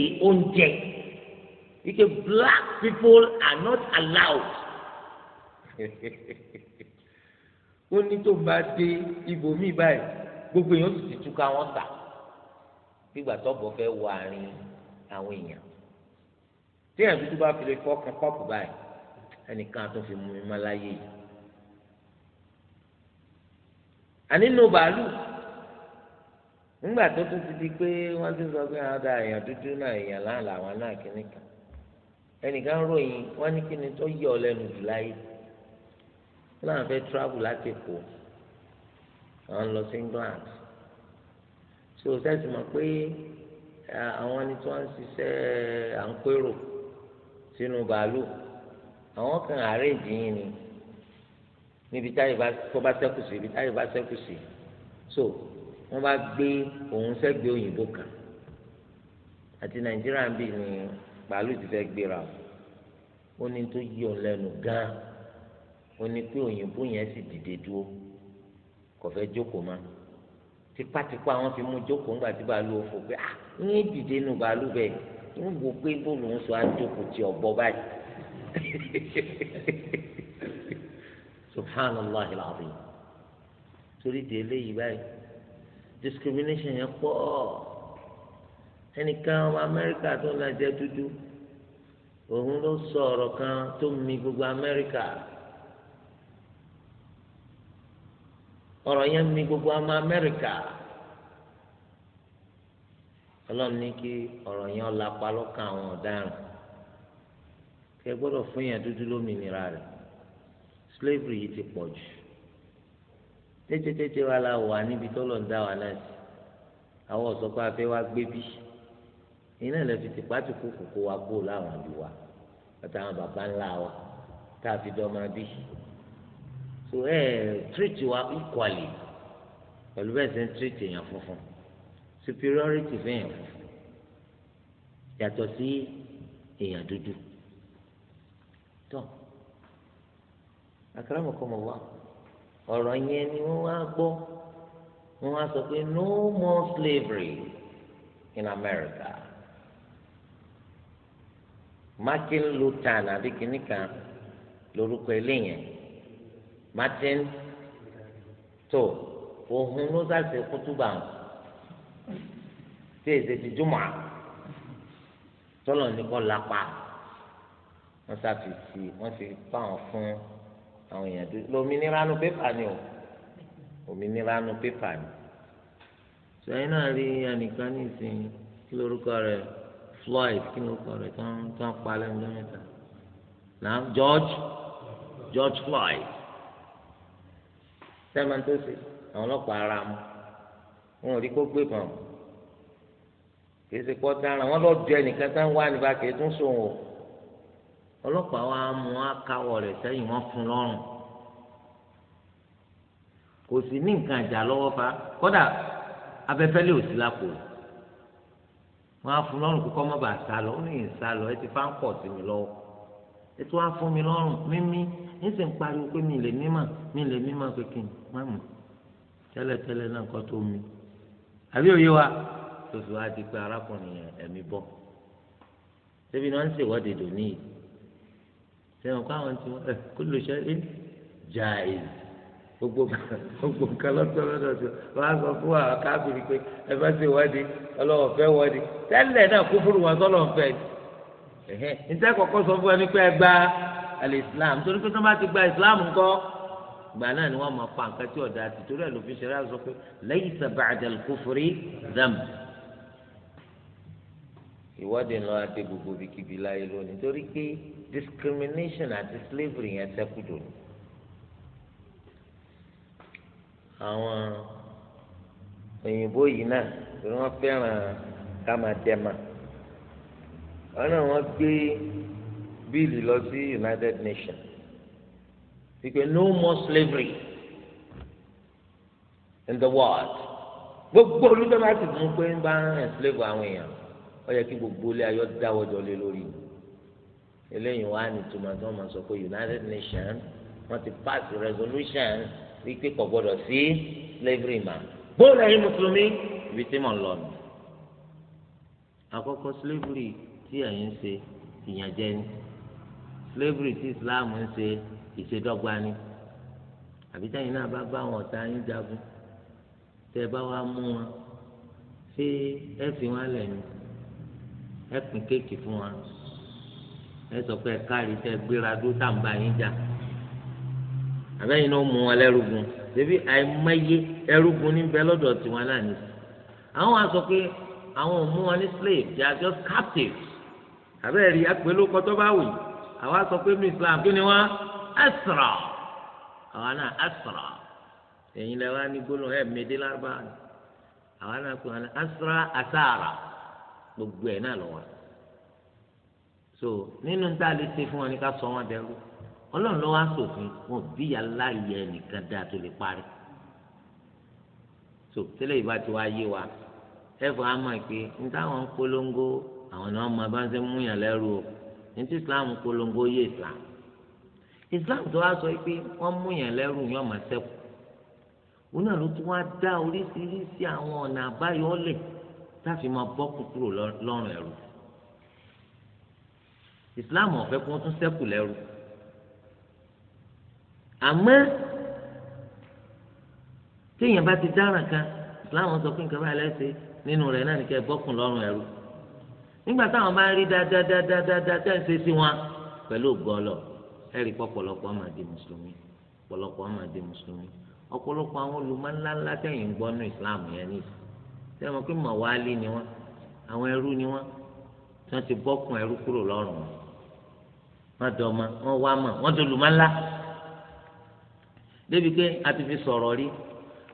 ike black people are not allowed ó ní tó bá dé ibòmíì báyìí gbogbo èèyàn sì ti túká wọn sà gbígbà tọ́bọ̀ fẹ́ wọ àárín àwọn èèyàn tí èèyàn dúdú bá fi lè fọ́ kan báyìí ẹnìkan tó fi mú mi má láyé yìí. ànínú bàálù nígbà tó tún ti di pé wọ́n ti sọ pé ah, àwọn èèyàn dúdú náà èèyàn láàlà àwọn náà kíní kan ẹnìkan ròyìn wọ́n ní kíni tó yọ lẹ́nu jù láyé wọ́n náà fẹ́ travel láti Èkó àwọn lọ sí England so sẹ́sì mọ̀ pé àwọn ẹni tí wọ́n ń ṣiṣẹ́ à ń pérò sínú bàálù àwọn kan àárẹ̀ jìn ní níbi táyì bá tó bá sẹ́kù sí ibi táyì bá sẹ́kù sí so wọ́n bá gbé òun sẹ́gbẹ̀ẹ́ òyìnbó kan àti nàìjíríà ń bì ní bàálù ti fẹ́ gbéra ó ní tó yí ọ lẹ́nu gan ó ní pé òyìnbó yẹn sì dìde dúró kò fẹ́ jókòó má tipátipá wọn fi mú jókòó ńgbà tí bàálù ó fò pé à ah, ń dìde nu bàálù bẹ́ẹ̀ ń wò pé bóòlù ń sọ àjókòó ti ọ̀bọ báyìí. سبحان الله العظيم. تريد لي báyìí discrimination yẹn pọ̀ ẹnìkan ọmọ amẹ́ríkà tó ń lajẹ dúdú òun ló sọ ọ̀rọ̀ kan tó mì gbogbo amẹ́ríkà ọ̀rọ̀ yẹn mì gbogbo ọmọ amẹ́ríkà ọlọ́run ní kí ọ̀rọ̀ yẹn ọ̀la pa lọ́kàn àwọn ọ̀daràn kẹ gbọ́dọ̀ fún yẹn dúdú lómìnira rẹ̀ slavery yìí ti pọ̀ jù tètètètè wa la wà níbi tó lọ́n dá wa náà sí àwọn ọ̀sọ́kọ́ afẹ́ wa gbé bí iná lè fi tìpá ti kú kókó wa kó láwọn àbí wa àtàwọn bàbá ńlá wa tá a fi dọ́mọ bí so ẹ treat wa equally pẹ̀lú bẹ́ẹ̀ sẹ́ ń treat èèyàn funfun superiority fún funfun yàtọ̀ sí èèyàn dúdú tó. So, akramakumullah ọ̀rọ̀ yẹn ni wọ́n wá gbọ́ wọ́n wá sọ pé no more slavery in America Martin Luther àbí kìnnì kan lórúkọ eléyẹn Martin tó òhun ló sàṣẹ kútúbà tí èsè ti jùmọ̀ tọ́lọ̀ ní lápá wọ́n sàfìsì wọ́n fi pa wọn fún àwọn èèyàn tó lómìnira nu pépà ni o òmìnira nu pépà ni sẹ́yìn náà rí ẹnìkan ní ìsìn kí lórúkọ rẹ̀ Floyd kí lórúkọ rẹ̀ tó ń pa lẹ́nu mẹ́ta náà George George Floyd sẹ́yìn tó ṣe àwọn ọlọ́pàá ara mu wọn ò rí kó gbé pọ̀n kì í ṣe kọ́ dára wọn lọ́ọ́ ju ẹnìkan tá wá nípa kì í tún ọlọ́pàá wa mú akáwọ̀ rẹ̀ sẹ́yìn wọ́n fún lọ́rùn kò sí ní nǹkan àjà lọ́wọ́ fa kódà abẹ́fẹ́lẹ́ ò sí lápò wọ́n á fún lọ́rùn kókó mọ́ba sá lọ ó ní ìsá lọ ẹ ti fá ń pọ̀ sí mi lọ́wọ́ ẹ ti wá fún mi lọ́rùn mímí ní sì ń pariwo pé mi lè mímọ̀ mi lè mímọ̀ pé má mọ̀ tẹ́lẹ̀tẹ́lẹ̀ náà kọ́ tó mi àbí òye wa tó fi pé arákùnrin yẹn ẹ̀mí bọ́ náà ń ṣèwọ́de dòní yìí sẹ́wọ̀n kó àwọn tí wọ́n ẹ̀ kó lè ṣe é jàì gbogbo gbogbo nǹkan lọ́tọ́ lọ́dọ̀ tó wọ́n á sọ fún àwọn káfíìrì pé ẹ bá ṣe wádìí ọlọ́wọ́ fẹ́ wádìí tẹ́lẹ̀ náà kó fúru wọn sọ́lọ́ fẹ́ ẹ̀hẹ́ níta kọ̀kọ́ sọ fún ẹ nípa ẹ gba alẹ́ Islam torí pé tó bá ti gba Islam ńkọ́ gbà náà ni wọ́n máa pa nǹkan tí ọ̀dà àti torí ẹ̀ lófin ṣẹlẹ̀ sọ pé laysa ba'da al-kufri dhanb ìwọ́de lọ adé gbogbo bìkìbì láyé lónìí torí pé discrimination àti slavery yẹn ṣẹ́kù dòní. àwọn òyìnbó yìí náà ni wọ́n fẹ́ràn ká máa dẹ́mà wọn náà wọ́n gbé bíìlì lọ sí United Nations wípé no more slavery in the world gbogbo olùdó bá ti mú pé ń bá ń slave àwọn èèyàn ó yẹ kí gbogbo ilé ayọ̀ dáwọ́jọ lé lórí eléyìí wá ní ìtumọ̀ tí wọ́n máa sọ pé United Nations wọ́n ti pass resolution wípé kò gbọdọ̀ sí slavery ma bóòlù ẹ̀yin mùsùlùmí ibi tí mò ń lọ nù. àkọ́kọ́ slavery tí ẹ̀yin ń ṣe ìyànjẹ ni slavery tí Islam ń ṣe ìṣèdọ́gba ni àbí tẹ́yìn náà bá bá àwọn ọ̀tá yín jagun tẹ́ ẹ bá wá mú wọn ṣé ẹ fi wọn lẹ̀ ni ẹ pín kéèkì fún wa ẹ sọ pé ẹ káàrí tẹ gbéra dó tàǹbà yín jà àbẹ́yìn náà mú wọn lẹ́rùgùn débi àìmọye ẹrúgùn níbẹ̀ lọ́dọ̀ tiwọn náà ní. àwọn wa sọ pé àwọn ò mú wọn ní slave they are just captives àbẹ́ẹ̀ rí apẹ̀lókọ tó bá wù yìí àwa sọ pé ní Islam kí ni wọ́n ẹ̀sìrà àwa náà ẹ̀sìrà ẹ̀yin lẹ́wọ́n á ní gbólóhùn ẹ̀ mẹ́dẹ́lárúbá àwa náà pè wọ́n ẹ̀sìrà àtàrà gbogbo ẹ̀ náà lọ́wọ́ so nínú tá a lè ṣe fún wọn ni ká sọ wọn dẹrú ọlọ́run ló wá sòfin wọn bí aláyẹ ẹnìkan dáa tó lè parí so tẹ́lẹ̀ ìbá ti wá yé wa ẹ̀fọ́ á mọ̀ pé ní táwọn ń polongo àwọn náà máa bá ń ṣe múyàn lẹ́rù o ní tí islam polongo yé islam islam tó wá sọ pé wọ́n múyàn lẹ́rù yóò máa ṣẹ́kù wọn náà ló tún wá dá oríṣiríṣi àwọn ọ̀nà àbáyọ lẹ̀ láti máa bọ́kù kúrò lọ́rùn ẹ̀rù islam ọ̀fẹ́ kó tún sẹ́kù lẹ́rù àmọ́ téèyàn bá ti dáràn kan islam sọ pé nǹkan báyìí lẹ́sẹ̀ nínú rẹ̀ náà ní kẹ́ bọ́kù lọ́rùn ẹ̀rù nígbà táwọn bá ń rí dáadáa tẹ́ ń ṣe sí wọn pẹ̀lú ògbọ́lọ̀ ẹ̀rí pọ̀pọ̀lọpọ̀ máa di mùsùlùmí pọ̀lọpọ̀ máa di mùsùlùmí ọ̀pọ̀lọpọ̀ àwọn olùmọ̀ ńláńlá tẹ̀yìn gbọ́ nínú islam yẹn nìyí sẹ́yìn mọ̀ pé màwáálí ni wọ́n àwọn ẹrú ni wọ́n tí wọ́n ti bọ́kùn ẹrú kúrò lọ́rùn wọn wọ́n dọ̀ ma wọ́n wá ma wọ́n dọ̀ lùmọ́ ńlá débi pé a ti fi sọ̀rọ̀ rí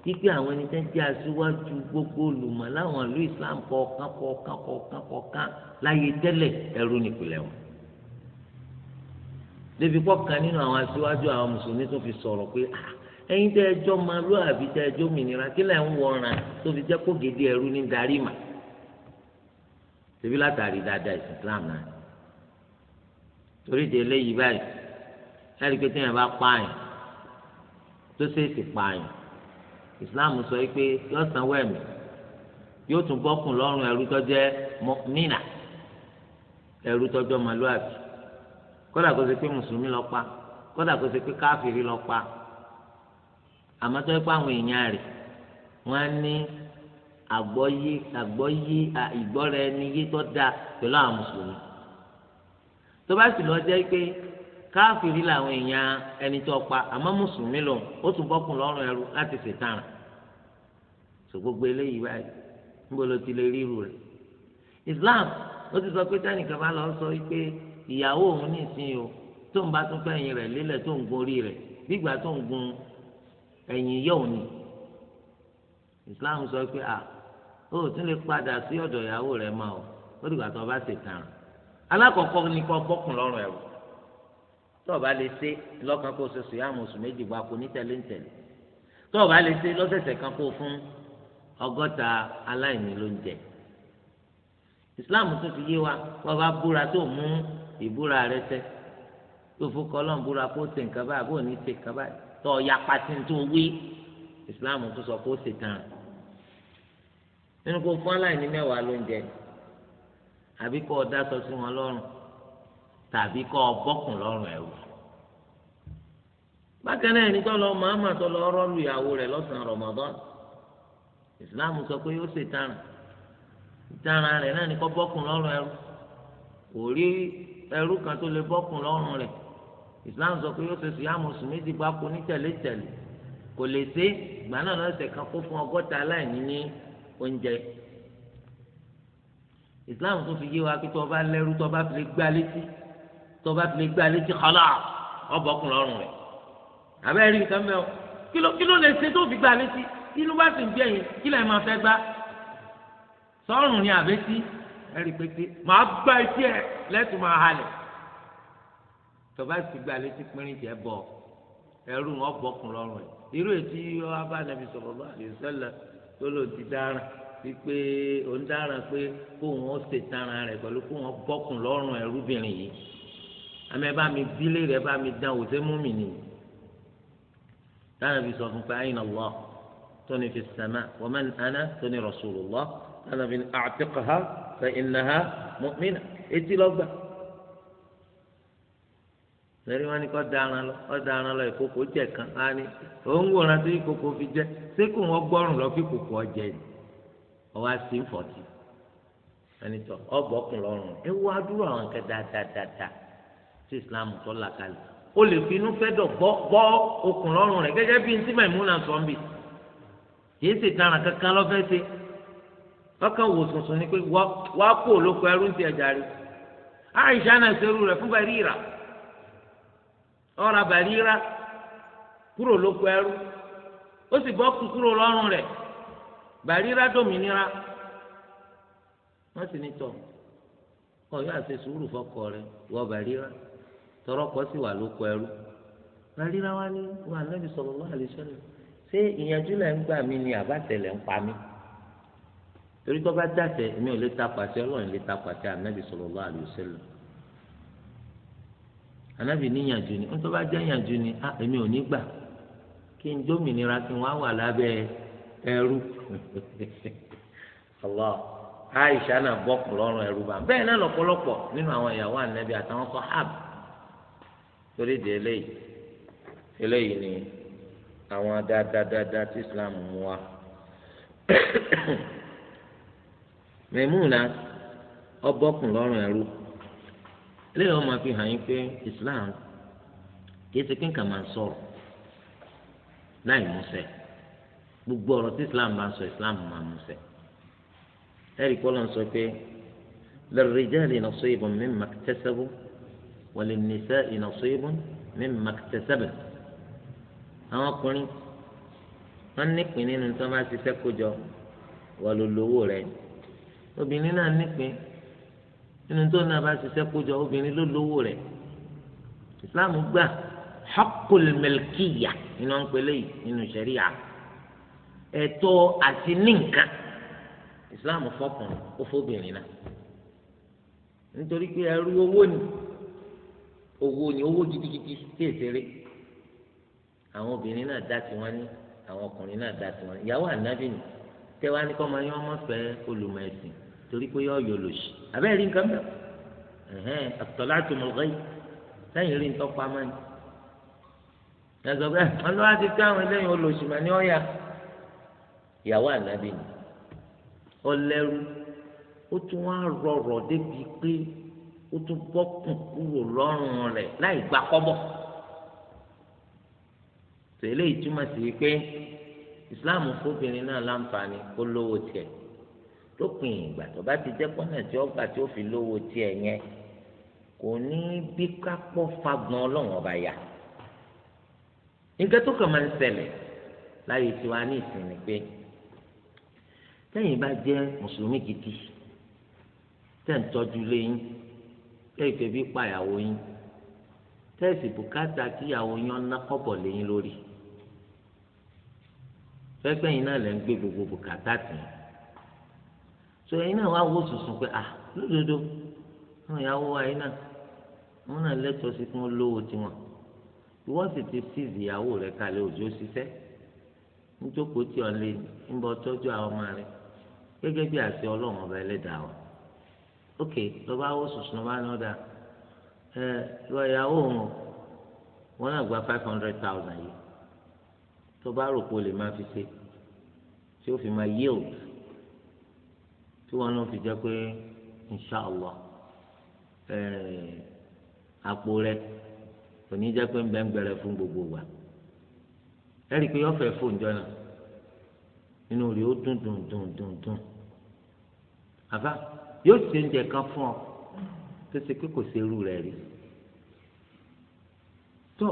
pípé àwọn ẹni tẹ́ jẹ́ aṣíwájú gbogbo olùmọ̀ láwọn ìlú Islam kọ̀ọ̀kan kọ̀ọ̀kan kọ̀ọ̀kan kọ̀ọ̀kan láyé tẹ́lẹ̀ ẹrú nìpìlẹ̀ wọn. débi pọ́kàn nínú àwọn aṣíwájú àwọn mùsùlùmí tó fi sọ̀rọ̀ pé ah ẹ̀yin tẹ́ ẹjọ́ máa lọ àbí tẹ́ ẹjọ́ mìíràn kí lẹ ń wọ̀ràn tó fi jẹ́ kó gèdè ẹrú ní darí mà tẹbi látàrí dáadáa ìsìn Islam náà torí de eléyìí báyìí ẹ̀rí pé téèyàn bá pààyàn tó ṣèèṣì pààyàn Islam sọ pé yóò sanwó ẹ̀mí yóò tún bọ́kùn lọ́rùn ẹrú tó jẹ́ mọ́mínà ẹrú tọjọ́ màlúàbí kódà kó ṣe pé mùsùlùmí lọ pa kódà kó ṣe pé káfíìrì lọ pa àmọ́ tó yẹ pé àwọn èèyàn rẹ̀ wọ́n á ní àgbọ́yé àgbọ́yé ìgbọ́ra ẹni yé tó dáa pẹ̀lú àwọn mùsùlùmí tó bá sì lọ jẹ́ pé káàfìrí làwọn èèyàn ẹni tó pa àmọ́ mùsùlùmí lòun ó tún bọ́kùn lọ́rùn ẹrú láti ṣètàn sọ gbogbo eléyìí báyìí níbo ló ti lè ríru rẹ̀ Islam ó ti sọ pé tẹ́nìkan bá lọ sọ pé ìyàwó òun ní ìsìn o tóun bá tún fẹ́yìn rẹ̀ lélẹ̀ tóun gorí rẹ̀ nígbà tóun gun ẹ̀yìn yóò ní islam sọ pé a ó tún lè padà sí ọ̀dọ̀ ìyàwó rẹ̀ máa o ó dìgbà tó o bá ṣe tàn án alákọ̀ọ́kọ́ ni kò bọ́kùn lọ́rùn ẹ̀rù tó o bá lè ṣe lọ́kàn kó o ṣe sùn yàmù oṣù méjì gba kó ní tẹ̀lé ń tẹ̀lé tó o bá lè ṣe lọ́sẹ̀sẹ̀ kan kó o fún ọgọ́ta aláìní ló ń jẹ islam tún fi yé wa wọ́n bá búra tó mú ìbúra rẹ ṣẹ tó fún kọ́lọ́ọ̀ búra kó o ṣe nǹkan báyìí kó o ní ṣe nǹkan báyìí tó ọ̀yà pàtí tó wí islam tó sọ pé ó sì tàn nínú kó fún aláìní mẹ́wàá lóúnjẹ àbí kó o dáṣọ sí wọn lọ́rùn tàbí kó o bọ́kùn lọ́rùn ẹ̀wù bákan náà ẹni tó lọ màmá tó lọ rọ́ọ̀lù ìyàwó rẹ̀ lọ́sàn-án rọ̀mọ́dọ́n islam sọ pé ó sì tàn ìtara rẹ̀ náà ni kó bọ́kùn lọ́rùn ẹ̀wù kò rí ẹrú kan tó lè bọ́kùn lọ́rùn rẹ̀ islam sọ pé yóò ṣe sùyàmù oṣù méjì gbáko ní tẹ̀léńtẹ̀lé kò lè ṣe ìgbà náà lọ́sẹ̀ kan kó fún ọgọ́ta aláìní ní oúnjẹ islam tó fi yé wa pé tọ́ba lẹ́rú tọ́ba fi lè gbá létí tọ́ba fi lè gbá létí kọ́lá ọ̀bọ̀kùn lọ́rùn rẹ̀ àbẹ́rẹ́ nǹkan mẹ́wọ́ kí ló kí ló lè ṣe tó fi gbá létí inú bá sì ń bí ẹ̀yìn kí máa fẹ́ gbá sọ́rùn ni àbẹ́tí ẹ̀rí pété tọba sì gba létí pínrín jẹ bọ ẹrú wọn bọkùn lọ́rùn ẹ irú ètí abánabi sallallahu alaihi wasallam tó lò ti dára wípé òun dára pé kó wọn ṣètara rẹ pẹ̀lú kó wọn bọkùn lọ́rùn ẹrúbìnrin yìí àmì ẹ bá mi bílé rẹ bá mi dán òsè múmi nìyí tánàbí sọ fún pé àyìn Allah tó fi sàmà wa man ana tó ní rasulullah tánàbí àtẹkọha fa innaha mu'mina etí lọgbà. lórí wọn ni kò daran lọ lọ ìkókò jẹ kan á ní òun wòran tó ìkókò fi jẹ sékù wọn gbọrùn lọ kí kòkò ọjẹ ni ọwọ àti ìfọtì ẹnitọ ọbọkùn lọrùn ẹ wọ adúrò àwọn kẹ dáadáa tí islam tó là kalẹ̀ o lè fi inú fẹ́ dọ̀ bọ́ okùn rẹ gẹ́gẹ́ bí ntí bì kì í kankan ọkàn wò sùnsùn ni pé ọ̀rọ̀ àbàríra kúrò lóko ẹrú ó sì bọ́ kú kúrò lọ́rùn rẹ̀ bàríra dòmìnira wọ́n sì ní tọ̀ ọ̀yọ́ àti sùúrù fọkọ rẹ̀ wọ bàríra tọrọkọ sì wà lóko ẹrú bàríra wa ní wà Nábì sallallahu alaihi wasallam ṣé ìyànjú lẹ̀ ń gbà mí ni àbátẹ̀lẹ̀ ń pa mí torí tó bá dàtẹ̀ mi ò lè ta pàṣẹ ọlọ́run lè ta pàṣẹ Ànábì sallallahu alaihi wasallam anábì níyànjú ni nítorí bá jẹ́ yànjú ni a ah, èmi ò ní gbà kí n jómìnira kí n wá wà lábẹ́ ẹrú Allah Aisha náà bọ́kù lọ́rùn ẹrú bá bẹ́ẹ̀ náà lọ́pọ̀lọpọ̀ nínú àwọn ìyàwó anábì àtàwọn sahab torí di eléyìí eléyìí ni àwọn dáadáa tí Islam mú wa Maimuna ọbọ̀kù lọ́rùn ẹrú eléyìí wọn máa fi hàn yín pé Islam kìí ṣe pé nǹkan máa ń sọ̀rọ̀ láì múṣẹ gbogbo ọ̀rọ̀ tí Islam bá ń sọ Islam máa múṣẹ ẹrí kọ́ ló ń sọ pé lirrijali nasibun mimma iktasabu walinnisa'i nasibun mimma iktasabna àwọn ọkùnrin wọn nípìn nínú tí wọn bá ṣiṣẹ́ kójọ wà ló lówó rẹ obìnrin náà nípìn nínú tó náà bá ṣiṣẹ́ kójọ obìnrin ló lówó rẹ̀ islam gbà haqqul milkiya nínú ń pẹlẹ yìí nínú sẹríà ẹ̀tọ́ àti nìkan islam fọkùnrin ó fóbìnrin náà nítorí pé ẹrú owó ni owó ni owó gidigidi tí èsèré àwọn obìnrin náà dá tiwọn ní àwọn ọkùnrin náà dá tiwọn ìyàwó ànábì ni ní kọ́ máa yọ ọmọ fẹ́ olùmọ̀ ẹ̀sìn torí pé yọ yọ lòsì abẹ́rẹ́ rí nǹkan bẹ́ẹ̀ ẹ̀hẹ́n àtọ̀láàtò mọ̀lẹ́yì sẹ́yìn rí nǹkan pamọ́ ni ẹ̀sọ́ eh, bẹ́ẹ̀ ọlọ́wà ti ká àwọn ẹlẹ́yìn olòsì mà ní ọ̀yà ìyàwó ànábì ni ọlẹ́rú ó tún wá rọrọ̀ débi pé ó tún bọ́kùn kúrò lọ́rùn rẹ̀ láì gba kọ́bọ̀ tẹ̀lé ìtumọ̀ sí pé ìsìláàmù fóbìnrin náà láǹfààní kó lówó tiẹ̀ lópin ìgbà tó bá ti jẹ́ pọ́nà tí ó gbà tí ó fi lówó tiẹ̀ yẹn kò ní bí kápọ́ fagbọn ọlọ́run ọba yà nǹkan tó kàn máa ń ṣẹlẹ̀ láyé tiwa ní ìsinmi pé tẹ́yìn bá jẹ́ mùsùlùmí gidi tẹ́ ń tọ́jú lé yín tẹ́ ìfẹ́ bí pàyàwó yín tẹ́ bùkátà kíyàwó yín ọ̀nà kọ́bọ̀ lé yín lórí fẹ́gbẹ́yìn náà lẹ́ ń gbé gbogbo bùkátà tì yín so ẹyin náà wá wò sùsùn pé ah lódodo àwọn ìyàwó wa yìí náà wọn náà lẹ́tọ̀ọ́ sí fún olówó tiwọn ìwọ sì ti tíìzì ìyàwó rẹ kalẹ̀ òjò ṣiṣẹ́ nítòkó tí ọ lè ń bọ tọ́jú àwọn ọmọ rẹ gẹ́gẹ́ bí àṣẹ Ọlọ́run ọba Ẹlẹ́dàá wa ok lọba wò sùsùn lọba ní ọdà ẹ ìwọ ìyàwó òun wọn náà gba five hundred thousand yìí tó bá rò pé o lè máa fi ṣe tí ó fi máa yíyọ̀ tí wọn náà fi jẹ́ pé inṣàlá àpò rẹ kò ní jẹ́ pé ń bẹ ń gbẹrẹ fún gbogbo wa ẹ rí i pé yọ fẹ́ fóun jọ náà nínú rẹ ó dùn dùn dùn dùn dùn àbá yóò ṣe oúnjẹ kan fún ọ tó ṣe pé kò ṣe irú rẹ rí tó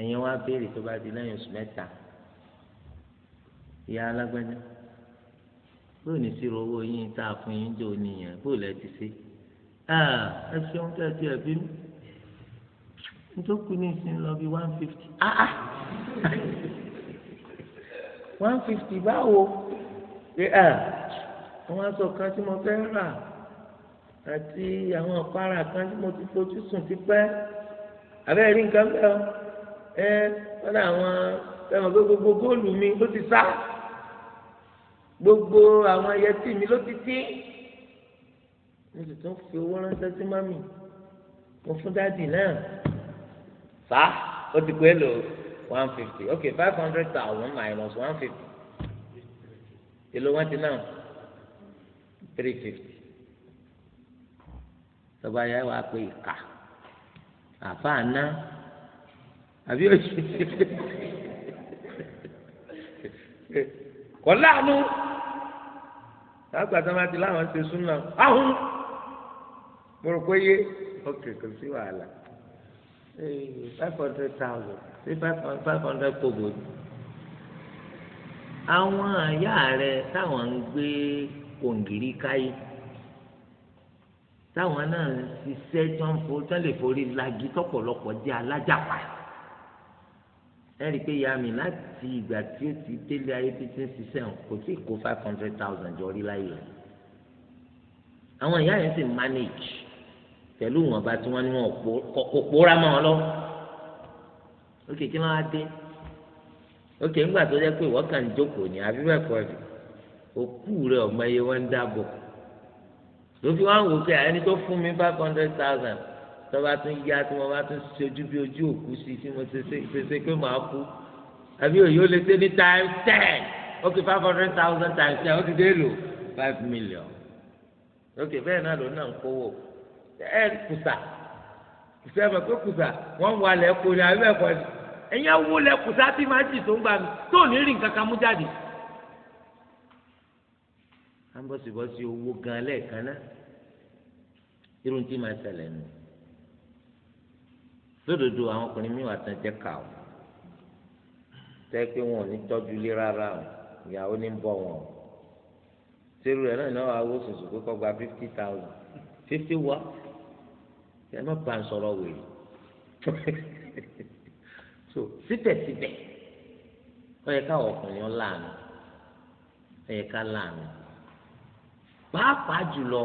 ẹ̀yin wá béèrè tó bá di lẹ́yìn oṣù mẹ́ta ìyá alágbẹ́ni bóò ní sí owó yín tá a fún yín jọ nìyẹn bóò lẹ ti ṣe ẹ ṣeun tẹ ti ẹ bí mi nítorí kú ní ìsìn lọ bí one fifty ah, ah. one fifty báwo ṣe ẹ àwọn aṣọ kan tí mo fẹ́ rà àti àwọn ọ̀pára kan tí mo ti fojú sùn ti pẹ́ àbẹ́ rí nǹkan bẹ́ẹ̀ ẹ wọ́n dà àwọn ẹ̀wọ̀n gbogbo góòlù mi ó ti sá gbogbo àwọn ẹyẹtì mi ló ti tí mo sì tún fi owó ránṣẹ́ sí mami mo fún dáàdì náà fa ó ti pé lò one fifty okay five hundred thousand minus one fifty èlò wọn ti náà three fifty tọba yà wà pé ìka àfa àná àbí òṣìṣẹ́. kọ́ láàánú lágbàtà máa ti láwọn ṣe súnà áhùn mo rò pé yé ok kò sí wàhálà eh, five hundred thousand sí five hundred kobo àwọn àyà rẹ táwọn ń gbé kòǹgìrì káyé táwọn náà ń ṣiṣẹ́ tó lè forí lagi tọ́pọ̀lọpọ̀ jẹ́ alájàpá ẹ̀rí pé ìyá mi láti ìgbà tí ó ti délé ayé tí ti ń ṣiṣẹ́ hàn kò sí kó five hundred thousand jọ rí láyé rẹ̀ àwọn ìyá yẹn sì manage pẹ̀lú ìwọ̀nba tí wọ́n ní wọn kò pòórá mọ́ ọ lọ ókè kí wọ́n á dé ókè ńgbà tó jẹ́ pé wọ́n kàn jókòó ní abíbẹ̀kọ rẹ̀ òkú rẹ̀ ọ̀mọ iye wọn ń dáàbò ló fi wá ń wò pé àyẹ̀ni tó fún mi five hundred thousand tọ́ba tún yá tí mo bá tún ṣojú bí ojú òkú sí tí mo ṣe ṣe pé màá kú àbí òye ó lè ṣe ní times ten ok five hundred thousand times ten ó ti dé lò five million ok bẹ́ẹ̀ náà ló náà ń kówó ẹ kùsà kùsà ẹ mọ̀ pé kùsà wọ́n ń walẹ̀ ẹ̀kọ́ ni àbí ẹ̀kọ́ ni ẹ̀yin awo lẹ kùsà tí màá jì tó ń gbà mí tó ní rìn kankan mú jáde. à owó gan-an lẹ́ẹ̀kan náà irun tí màá ṣẹlẹ̀ nù lódodo àwọn ọkùnrin mi wà tán jẹ́ ká o tẹ́ pé wọn ò ní tọ́jú ilé rárá o ìyàwó ní bọ̀ wọn o sẹ́rù rẹ̀ náà náà wà wó sùsù pé kọ́ gba fifty thousand fifty wá ẹ má bá ń sọ̀rọ̀ wèrè so síbẹ̀síbẹ̀ ó yẹ káwọn ọkùnrin láàánú ó yẹ ká láàánú pàápàá jùlọ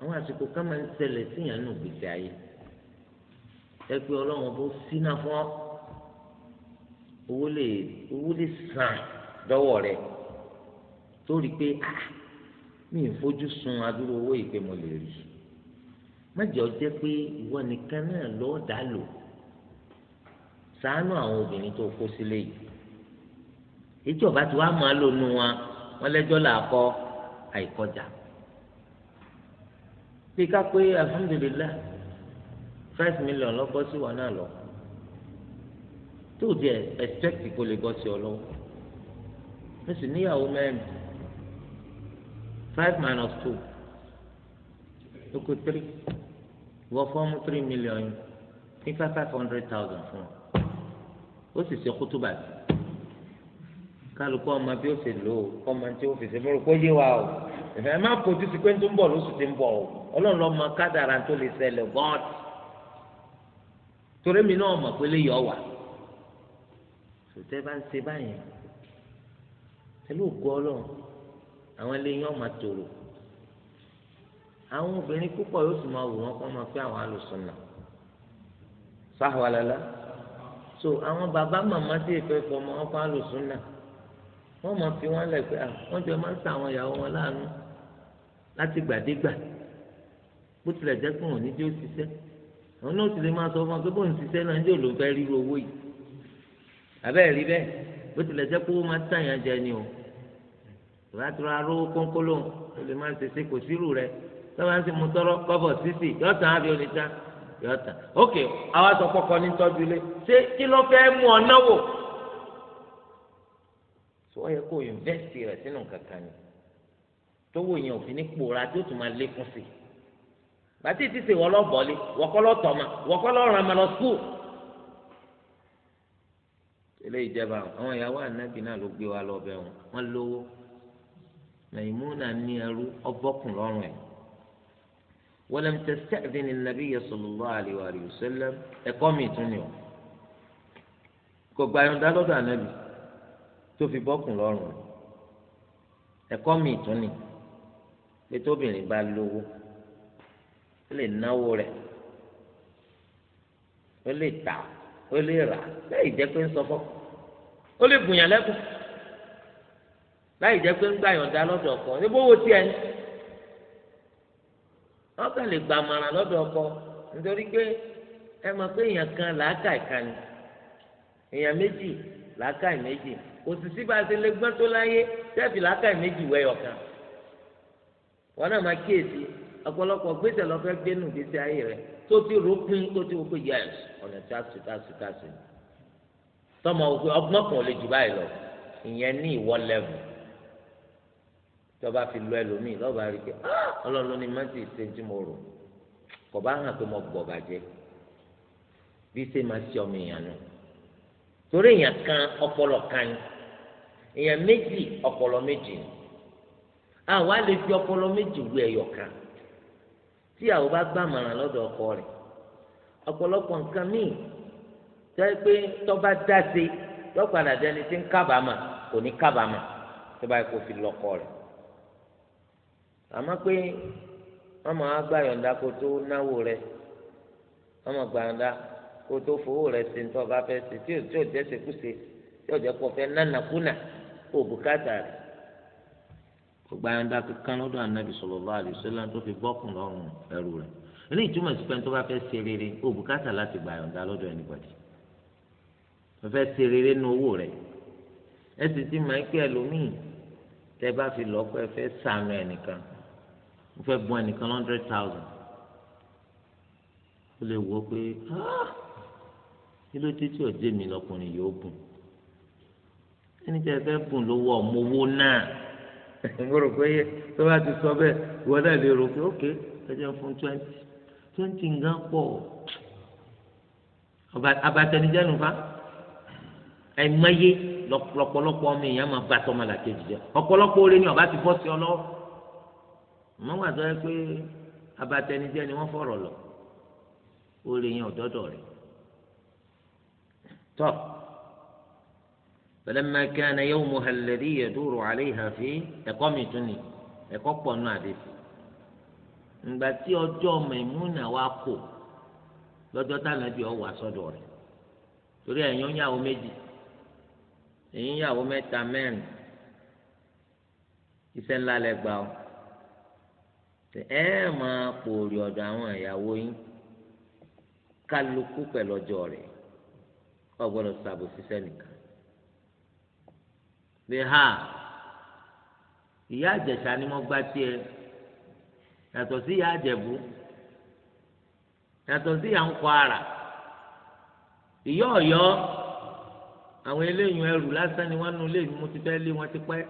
àwọn àsìkò ká máa ń ṣẹlẹ̀ síyàn nù gbèsè ayé ẹ pé ọlọ́run bó sínà fún ọ owó lè owó lè sàn dọ́wọ́ rẹ tó rí i pé ah mi ì fojú sun adúrú owó yìí pé mo lè rí mẹjọ jẹ pé ìwọ nìkan náà lọ́ọ́ dá lò ṣàánú àwọn obìnrin tó kó sílé yìí ìjọba tí wàá máa lónú wa wọn lẹ́jọ́ là kọ àìkọjà bí ká pé alhamdulilayi five million lọ bọ́ sí wọn náà lọ tó o jẹ expect kó lè bọ́ sí ọ lọ́wọ́ mo sì níyàwó mẹ́rin five minus two ó kó three wọ fọ́ọ̀mù three million yìí ní five five hundred thousand fún ọ ó sì ṣe kútùbà sí kálukú ọmọ bí ó ṣe lò ó ọmọ tí ó fi ṣe mo rò yé wa o ẹ má fojú sí pé ń tó ń bọ̀ lóṣù tí ń bọ̀ o ọlọ́run lọ́ọ́ mọ kádàrá tó lè ṣẹlẹ̀ bọ́ọ̀tì torí mi náà mọ̀ pé léyìí ọ̀wà sòtẹ́ bá ń ṣe báyìí pẹ̀lú ògo ọlọ́run àwọn eléyìí ọ̀ máa tòrò àwọn obìnrin púpọ̀ yóò sì máa wò wọ́n kọ́ máa pé àwọn alùsùnà sáhùalálá so àwọn bàbá màmá tí èèfẹ́ fọmọ ọkọ alùsùnà wọ́n máa fi wọ́n lẹ̀ pé à ah, wọ́n jọ máa ń sa àwọn ìyàwó wọn láàánú láti gbàdégbà bó tilẹ̀ jẹ́ pé wọ́n ní tí ó ṣiṣẹ́ òun náà sì lè máa sọ fún wa pé bóun ṣiṣẹ́ náà ń jò ló ń fẹ́ ríru owó yìí àbẹ́ẹ̀ rí bẹ́ẹ̀ bó tilẹ̀ jẹ́ pé ó máa tàyàn jẹ ni o ìbátura rówó kónkóló o lè máa ṣèṣe kò sírù rẹ tọ́wọ́ ń sì mú tọ́rọ́ kọ́bọ̀ sísì yọ̀ọ̀tà àbí oníta yọ̀ọ̀tà ok àwa sọ pọ́kọ ní tọ́jú ilé ṣé kí ló fẹ́ mú ọ náwó sọ yẹ kó invest rẹ sínú kankan ni tówó yẹn òfin ní pòórá tó tún máa lékún sí i gbàtí ti sè wọ́n lọ bọ̀lì wọ́kọ́ lọ tọ̀mà wọ́kọ́ lọ ràn mà lọ skul. ilé ìjẹba àwọn ìyàwó ànábì náà ló gbé wa lọ bẹ wọn wọn lówó Maimuna ní ẹrú ọbọkùn lọ́rùn ẹ walam tasta'dhin an-nabiy sallallahu alaihi wa sallam ẹ̀kọ́ mi tún ni o kò gba ẹyọ̀ǹda lọ́dọ̀ ànábì tó fi bọ́kùn lọ́rùn ẹ̀kọ́ mi tún ni pé tóbìnrin bá lówó ó lè náwó rẹ̀ ó lè tà ó lè rà láì jẹ́ pé ń sọ fọ́ ó lè bùyàn lẹ́kùn láì jẹ́ pé ń gbà yọ̀ǹda lọ́dọ̀ ọkọ níbo wo tiẹ̀ ní wọ́n kàn lè gbà màrà lọ́dọ̀ ọkọ nítorí pé ẹ mọ̀ pé èèyàn kan làákà ìkan èèyàn méjì làákà méjì kò bá a ṣe lè gbọ́n tó láyé sẹ́ẹ̀fì làákà méjì wẹ̀ ọ̀kan wọ́n náà máa kíyèsí ọ̀pọ̀lọpọ̀ gbèsè lọ́fẹ́ gbénu gbèsè ayé rẹ̀ tó ti rògbìn tó ti wọ́pẹ́ yẹ ọ̀nà tásù tásù tásù tọmọ òkè ọgbọ́n kan ò lè jù báyìí lọ ìyẹn ní ìwọ lẹ́vù tọba fi lọ ẹlòmíì lọba rí pé ah, ọlọ́run ni má ti ṣe tí mo rò kò bá hàn pé mo gbọ̀ bàjẹ́ bí ṣe máa ṣe ọmọ èèyàn nù torí èèyàn kan ọpọlọ kan ni èèyàn méjì ọpọlọ méjì ni àwa lè fi ọpọlọ méjì wé ẹyọ kan. tí àwọn bá gbàmọ̀ràn lọ́dọ̀ ọkọ rẹ̀ ọ̀pọ̀lọpọ̀ nǹkan míì jẹ́ pé tọ́ba dá sí dẹni tí ń kábàámà kò ní kábàámà tó bá fi lọ́kọ rẹ̀ àmọ́ pé wọ́n máa gbà yọ̀ǹda kó tó náwó rẹ̀ wọ́n máa tó fowó rẹ̀ sí ní tọ́ba fẹ́ sí tí ò jẹ́ tí ò jẹ́ kò gba ẹ̀ńdá kankan lọ́dọ̀ ànábì sallallahu alaihi wasallam tó fi bọ́kùn lọ́rùn ẹrù rẹ̀ ilé ìtumọ̀ sí pé tó bá fẹ́ ṣe rere ó bùkátà láti gba ẹ̀ńdá lọ́dọ̀ ẹnìbọ̀dì tó fẹ́ ṣe rere nu owó rẹ̀ ẹ sì ti máa ń pẹ́ ẹlòmíì tẹ́ bá fi lọ́ọ́ pẹ́ fẹ́ sànù ẹnìkan ó fẹ́ bọ́ ẹnìkan hundred thousand ó lè wọ pé ah, kí ló dé tí ọ̀jẹ̀ mi lọkùnrin yóò bùn ẹni tẹ́ fẹ́ bùn lówó ọmọ owó náà. mo rò pé yẹ tó bá ti sọ bẹ́ẹ̀ ìwọ lè rò pé ókè ẹjẹ fún twenty twenty nǹkan pọ̀ abatẹnijẹnu fa ẹmẹye lọ́pọ̀lọpọ̀ ọmọ èèyàn máa bá tọmọ làkejì jẹ ọ̀pọ̀lọpọ̀ oore ni ọba ti bọ́ sí ọ lọ́wọ́ mọ wà sọ pé abatẹnijẹ ni wọ́n fọ̀rọ̀ lọ oore yẹn ọdọdọ rẹ tọ. فلما كان يومها الذي يدور عليها فيه إقامتني إقامة نادفه ìgbà tí ọjọ́ mẹ̀múnà wa kò lọ́jọ́ tánàbí ọ̀wà sọ́dọ̀ rẹ̀ torí ẹ̀yin ń yàwó méjì ẹ̀yin yàwó mẹ́ta mẹ́rin iṣẹ́ ńlá lẹ gbà ọ́ ẹ máa pòòrì ọ̀dọ̀ àwọn ìyàwó yín kálukú pẹ̀lú ọjọ́ rẹ̀ ọ̀ gbọ́dọ̀ ṣàbòsí sẹ́nìkan pé ha ìyá àjẹsà ni mo gbà tiẹ̀ yàtọ̀ sí ìyá àjẹbù yàtọ̀ sí ìyá ńkọ ara ìyá ọ̀yọ́ àwọn eléyìí ẹrù lásán ni wọ́n nu léyìí mo ti fẹ́ lé wọn ti pẹ́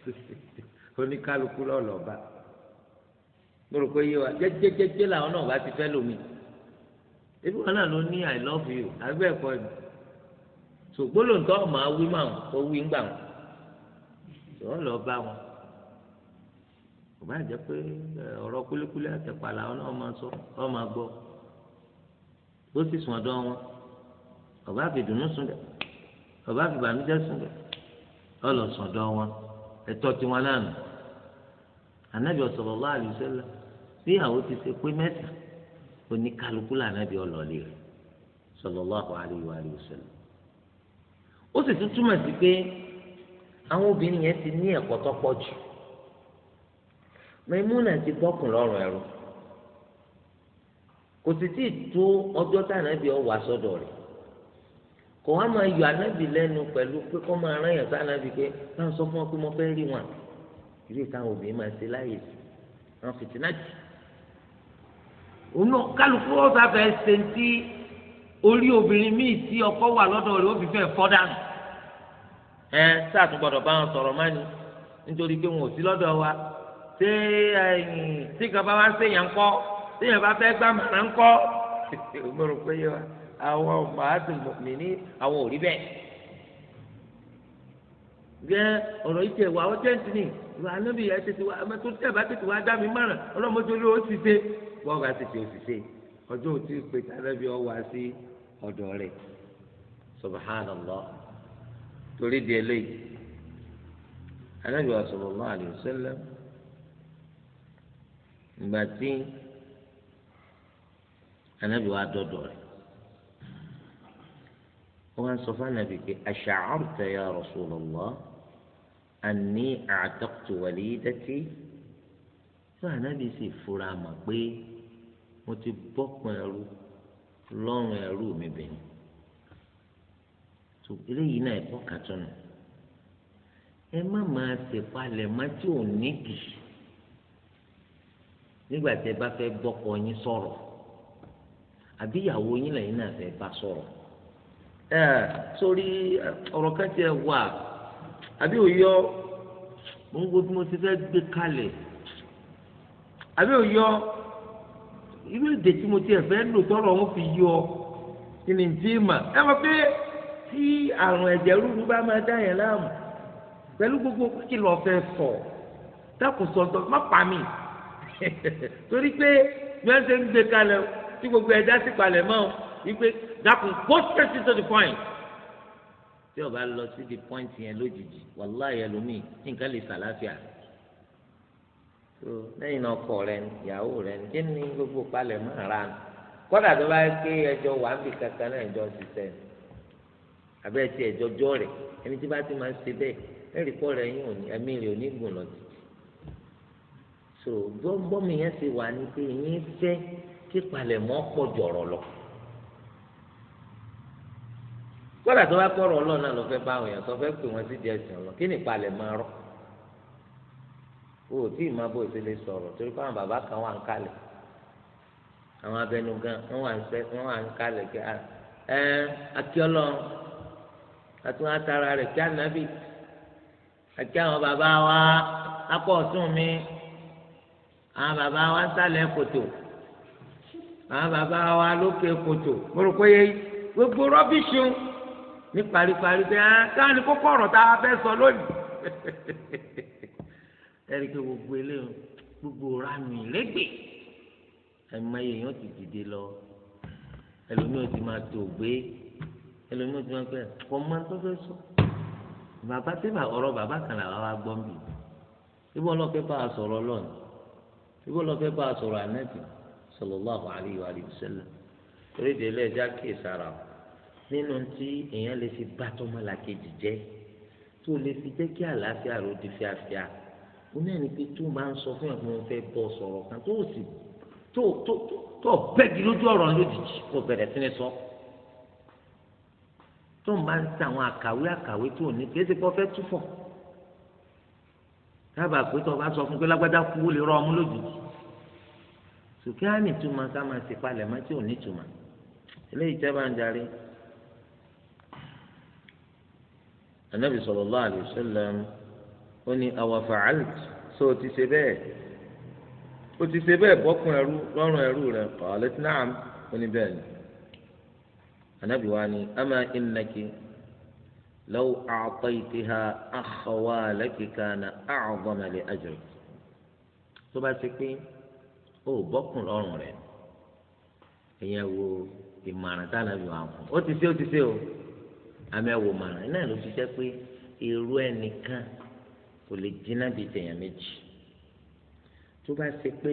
oníkálukú lọ́lọ́ba lórí pé yé wa làwọn náà bá ti fẹ́ lómi ebi wọn náà ló i love you àbí ni. sògbólò ntọ́ ọmọ awí mà ń kó wí ń gbà ń sọ lọ bá wọn kò jẹ pé ọ̀rọ̀ sọ ọ́ gbọ́ sì sùn wọn ọba fi dùnú sùn ọba fi sùn wọn ẹ̀tọ́ tiwọn náà nù anabi sallallahu alaihi wasallam bíyàwó ti ṣe pé mẹ́ta oníkálukú lànàbì ọlọ́ọ̀lẹ́ rẹ̀ ó sì tún túmọ̀ sí pé àwọn obìnrin yẹn ti ní ẹ̀kọ́ tó pọ̀ jù Maimuna ti bọ́kùn lọ́rùn ẹ̀rọ kò sì tí ì tó ọjọ́ tá ànábì ọ̀ wá sọ́dọ̀ rẹ̀ kò wá máa yọ ànábì lẹ́nu pẹ̀lú pé kó máa rán yàn ànábì pé báwọn sọ fún ọ pé mo fẹ́ rí wọn ìrírí táwọn obìnrin máa ṣe láàyè sí wọn fìtínà jù òun náà kálukú ọ̀sà fẹ́ ṣe ti orí obìnrin míì tí ọkọ wà lọ́dọ̀ rẹ̀ ó fi fẹ́ fọ́ dànù. ẹ sáàtún gbọdọ bá wọn sọ̀rọ̀ mọ́ni nítorí pé wọn ò sí lọ́dọ̀ wa ṣé tí kan bá wá séèyàn ń kọ́ séèyàn bá fẹ́ gbà màmá ń kọ́ mo pé yẹ wa àwọn ọmọ àti ní àwọn ò rí gẹ yìí ọ ni ìwà anábì yẹn tètè wà tó bá tètè ó bá tètè torí di eléyìí Ànábì sallallahu alayhi wa sallam ìgbà tí Ànábì wa dọdọ rẹ wọn sọ fún Ànábì pé ash'arta ya Rasulullah anni a'taqtu walidati fún Ànábì sì fura mà pé mo ti bọ́pọ̀ ẹrú lọ́rùn ẹrú mi bẹ̀yìn tó eléyìí náà ẹ̀kọ́ kàtúnù ẹ má máa ṣèpalẹ̀ má tí ò níkì nígbà tẹ bá fẹ́ bọ́kọ yín sọ̀rọ̀ àbí ìyàwó yín lẹ́yìn náà fẹ́ bá sọ̀rọ̀ ẹ sórí ọ̀rọ̀ kan tiẹ̀ wà àbí òyọ́ gbogbo bí mo ti fẹ́ gbé kalẹ̀ àbí òyọ́ irú èdè tí mo ti ẹ̀ fẹ́ lò tọrọ wọn fi yọ kí ni tí mà ẹ mọ̀ pé tí àrùn ẹ̀jẹ̀ rúru bá máa dá yẹn láàmú pẹ̀lú gbogbo kí lọ́ọ́ fẹ́ sọ dákun sọ̀tọ̀ má pa mí torí pé bí wọ́n ṣe ń gbé kalẹ̀ tí gbogbo ẹ̀dá sì palẹ̀ mọ́ ọ wípé dákun go straight to the point tí o bá lọ sí the point yẹn lójijì wàláhì ẹlòmíì nǹkan lè sàlàáfíà lẹ́yìn náà ọkọ rẹ ìyàwó rẹ kí ni gbogbo palẹ̀ mọ́ ara kọ́dà tó bá yẹ pé ẹjọ́ wà ń bì kankan náà ẹjọ́ ṣiṣẹ́ ni àbẹ́ ẹ̀ ti ẹ̀jọ́jọ́ rẹ̀ ẹni tí bá ti máa ń ṣe bẹ́ẹ̀ ẹ̀rí pọ̀ rẹ̀ yín òní ẹ̀mí rẹ̀ òní gùn lọ títí. so bọ́m̀bọ́mì yẹn ti wà ní pé yín fẹ́ kí palẹ̀mọ́ pọ̀ jọ̀rọ̀ lọ. kódà tó bá kọ́rọ̀ ọlọ́run náà lọ fẹ́ bá àwọn èèyàn sọ fẹ́ pè wọ́n sí díẹ̀ sí ọlọ́ kí ni palẹ̀mọ́ rọ́ o tí ì máa bó ìṣẹ̀lẹ̀ sọ̀rọ̀ torí pé àwọn bàbá kan wà ń kalẹ̀ àwọn abẹnugan wọn wà ń kalẹ̀ kí ẹ akíọlọ́run àti wọn atara rẹ̀ kí ànábì àti àwọn bàbá wa lápò ọ̀tún mi àwọn bàbá wa ń sàlẹ̀ kòtò àwọn bàbá wa lókè kòtò mo rò pé gbogbo rọ́bìṣì ní paripari pé ẹ ah, káwọn ní kókó ọ̀rọ̀ tá a fẹ́ sọ lónìí ẹ̀rí pé gbogbo eléyìí gbogbo ránù ìrẹ́gbẹ̀ẹ́ ẹ̀mọ èèyàn ti dìde lọ ẹlòmíràn ti máa tó gbé ẹlòmíràn ti máa pẹ́ kọ́ máa tó fẹ́ sọ bàbá tí ọ̀rọ̀ bàbá kan làwọn wa gbọ́ bì ibò ọlọ́fẹ́ bá a sọ̀rọ̀ lọ́nà ibò ọlọ́fẹ́ bá a sọ̀rọ̀ ànẹ́tì sallallahu alaihi wa sallam torí ìdílé ẹja kì í sára o nínú tí èèyàn lè fi bá tọmọlàkejì jẹ tó lè fi jẹ́ kí àlàáfíà rò di fíafíà ó náà ní pé tó máa ń sọ fún ẹ̀kún wọn fẹ́ bọ́ sọ̀rọ̀ kan tó sì tó tó tó bẹ́ẹ̀ di lójú ọ̀rọ̀ lójijì kò bẹ̀rẹ̀ sí ni sọ́ọ́ tó ń bá ń sa àwọn àkàwé àkàwé tó ní kí ẹ ti kọ́ fẹ́ túfọ̀ dábàá pé tó o bá sọ fún pé lágbádá kú ó lè rọ ọmú lójijì sùkí á ní ká máa ti palẹ̀ mọ́ tí ò ní túmọ̀ eléyìí tẹ́ bá ń darí. anabi sallallahu alayhi wa sallam ó ní awa fa'alt so ó ti ṣe bẹ́ẹ̀ ó ti ṣe bẹ́ẹ̀ bọ́kùn ẹrú lọ́rùn ẹrú rẹ̀ qalat ó ní bẹ́ẹ̀ ni anabi wa ni ama innaki law a'taytiha akhawalaki kana a'zama li ajri tó bá ti pín ó bọ́kùn lọ́rùn rẹ̀ ìyẹn wo ìmọ̀ràn tá anabi wa fún ó ti ṣe ó ti ṣe o àmì ẹ̀wò mọ̀ràn náà ló fi jẹ́ pé irú ẹnìkan kò lè jiná bíi tèèyàn méjì tó bá ṣe pé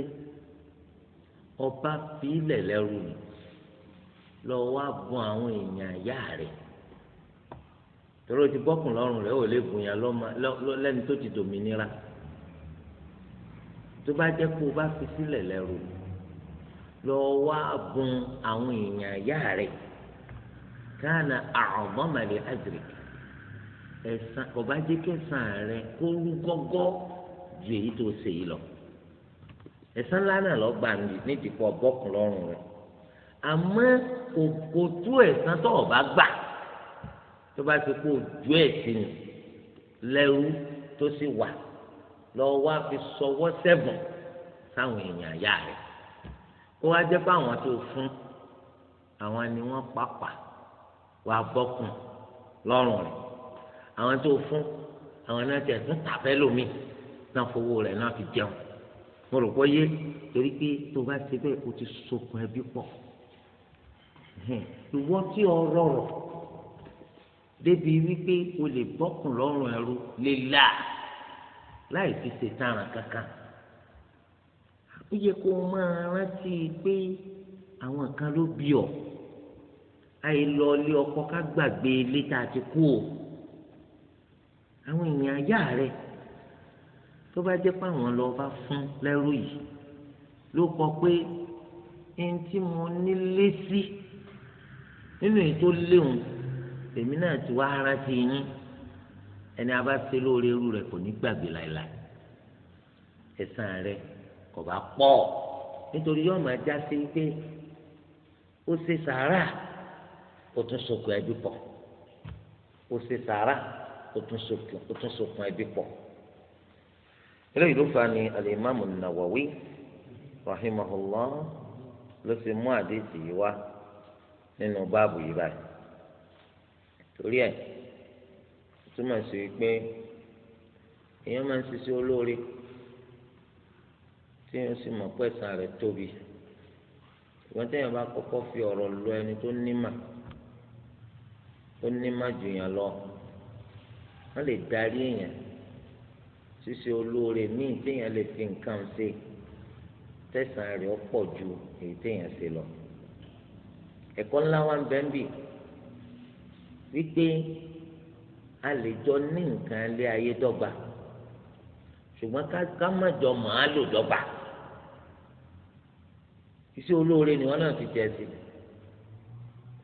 ọba fi ilẹ̀ lẹ́rù nìyí lọ wá bùn àwọn èèyàn ìyá rẹ̀ torí o ti bọ́kùn lọ́rùn rẹ̀ ò lè bùn yàn lẹ́ni tó ti dòmìnira tó bá jẹ́ kó o bá fi sílẹ̀ lẹ́rù lọ wá bùn àwọn èèyàn ìyá rẹ̀ káàna àrùnmọ́màlì àdìrìk ẹ̀sán kò bá jẹ́ kẹsàn rẹ̀ kó rú gọ́gọ́ ju èyí tó ṣe yìí lọ ẹ̀sán ńlá náà nídìí pọ̀ bọ́kùn lọ́rùn rẹ̀ àmọ́ kò tú ẹ̀sán tó ọ̀bá gbà tó bá ti kó ojú ẹ̀sìn lẹ́rú tó sì wà lọ́wọ́ wá fi sọwọ́ sẹ́bùn sáwọn èèyàn àyà rẹ̀ kó wá jẹ́ pé àwọn tó fún àwọn ni wọ́n pàpà wà bọ́kùn lọ́rùn rẹ̀ àwọn tó fún àwọn náà tẹ̀ tún tàfẹ́ lómi náà fowó rẹ̀ náà fi jẹun mo rò pé yé torí pé tó bá ti bẹ́ẹ̀ o ti sokùn ẹbí pọ̀. Hmm. ìwọ tí ọ rọrọ débi wípé o lè bọ́kùn lọ́rùn ẹrú lè là láì fi ṣètàràn kankan ó yẹ kó máa rántí pé àwọn kan ló bí ọ àyè lọ ilé ọkọ ká gbàgbé ilé tá a ti kú o àwọn èèyàn ayá rẹ tó bá jẹ́ pé àwọn lọ bá fún lẹ́rú yìí ló kọ pé ẹni tí mo ní lé sí. Si nínú èyí tó léwu èmi náà ti wá ara ti yín ẹni a bá ṣe lóore irú rẹ̀ kò ní gbàgbé láìláì ẹ̀san rẹ̀ kò bá pọ̀ nítorí yóò máa já sí pé ó ṣe sàárà ó tún sokùn ẹbí pọ̀ ó ṣe sàárà ó tún sokùn ẹbí pọ̀ eléyìí ló fa ni alimami nawawi rahimahullah ló fi mú àdéhìí wá nínú báàbù yìí báyìí torí ẹ̀ túmọ̀ sí pé èèyàn máa ń ṣiṣẹ́ olóore tí èèyàn sì mọ̀ pé ẹ̀san rẹ̀ tóbi ìwọ́n tẹ́yàn bá kọ́kọ́ fi ọ̀rọ̀ lọ ẹni tó nímà tó nímà jù yàn lọ wọ́n lè darí èèyàn ṣiṣẹ́ olóore míì téèyàn lè fi nǹkan ṣe tẹ̀san rẹ̀ ọ̀pọ̀ ju èyí téèyàn ṣe lọ ẹ̀kọ́ ńlá wa ń bẹ ń bì wípé a lè jọ ní nǹkan lé ayé dọ́gba ṣùgbọ́n ká má jọ màá lò dọ́gba iṣẹ́ olóore ni wọ́n náà ti jẹ́ sí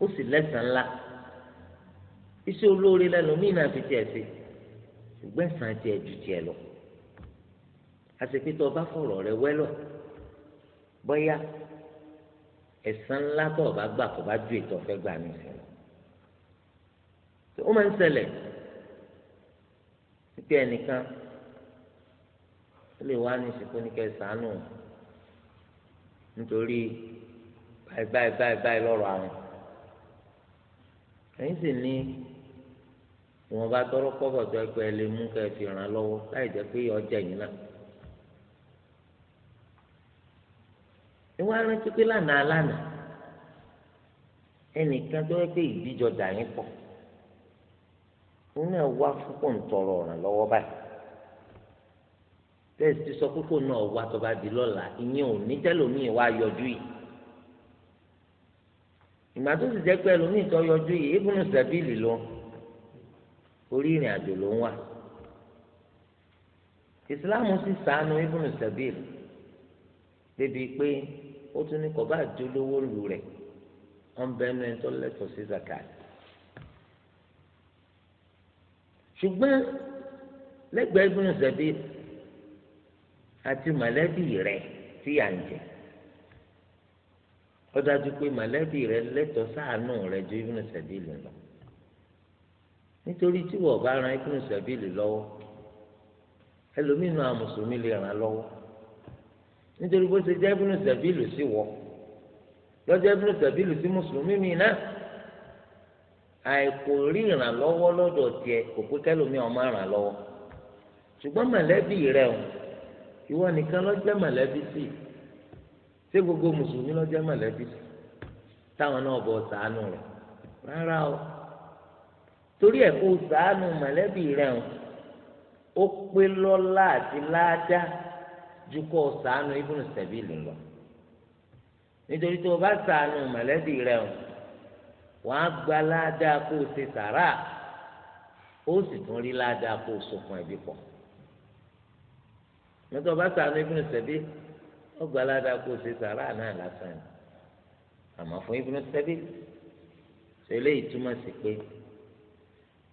ó sì lẹ́sàn-án ńlá iṣẹ́ olóore lẹ́lòmíì náà ti jẹ́ sí ṣùgbọ́n ẹ̀sán tiẹ̀ ju tiẹ̀ lọ àṣepítọ́ bá fọ̀rọ̀ rẹ wẹ́lọ̀ bọ́yá ẹ̀san ńlá tó o bá gbà kó bá ju ètò ọ̀fẹ́ gbà ní ìsìn ó máa ń ṣẹlẹ̀ pípẹ́ ẹnìkan ó lè wá ní ìsìnkú ní kẹsànánù nítorí báyìí báyìí báyìí báyìí lọ́rọ̀ àwọn ẹ̀yin sì ní ìwọ̀nba tọrọ kọ́bọ̀ tó ẹgbẹ́ ẹ lè mú kẹ́ ẹ fi ràn án láì jẹ́ pé ọjà yìí náà. ẹ wá rántí pé lánàá lánàá ẹnìkan tó yẹ pé ìbíjọ dà yín pọ̀ òun náà wá púpọ̀ ntọrọ ọ̀ràn lọ́wọ́ báyìí ti sọ pé náà wá tó bá di lọ́la ìyẹn ò ní tẹ́lòmíì wá yọjú yìí ìgbà tó jẹ́ pé ẹlòmíì tó yọjú yìí sẹ́bìlì lọ orí ìrìn àjò ló ó tún ní kọba àdólówó lù rẹ wọn bẹ ẹnu ẹ tó lẹ́tọ̀ọ́ sí zakat ṣùgbọ́n lẹ́gbẹ̀ẹ́ ibùdó zẹbi àti mọ̀lẹ́bí rẹ tí à ń jẹ ó dájú pé mọ̀lẹ́bí rẹ lẹ́tọ̀ọ́ sáànù rẹ ju ibùdó zẹbi lè lọ nítorí tí wọ́n bá ran ibùdó zẹbi lè lọ́wọ́ ẹlòmínú àwọn lè ràn lọ́wọ́ nítorí bó ṣe jẹ́ ibùnú sẹ̀bílù sí wọ lọ́jọ́ ibùnú sẹ̀bílù sí mùsùlùmí mi náà àìkò rí ìrànlọ́wọ́ lọ́dọ̀ tiẹ̀ kò pé kẹ́lòmí ọmọ ìrànlọ́wọ́ ṣùgbọ́n mọ̀lẹ́bí rẹ o ìwọ nìkan ló jẹ́ mọ̀lẹ́bí sí ṣé gbogbo mùsùlùmí ló jẹ́ mọ̀lẹ́bí sí táwọn náà bọ̀ ṣàánú rẹ rárá o torí ẹ̀ kó ṣàánú mọ̀lẹ́bí rẹ o ó pé lọ́lá àti ládàá ju kó o sànù ibùnú sẹ̀bìlì lọ nítorí tó o bá sànù mọ̀lẹ́bí rẹ o wàá gba ládàá kó o ṣe sàrà ó sì tún rí ládàá kó o sokùn ẹbí pọ̀ nítorí o bá sànù ibùnú sẹ̀bìlì ó gba ládàá kó o ṣe sàrà náà lásán ni àmọ́ fún ibùnú sẹ̀bìlì ṣẹlẹ̀ ìtumọ̀ sí pé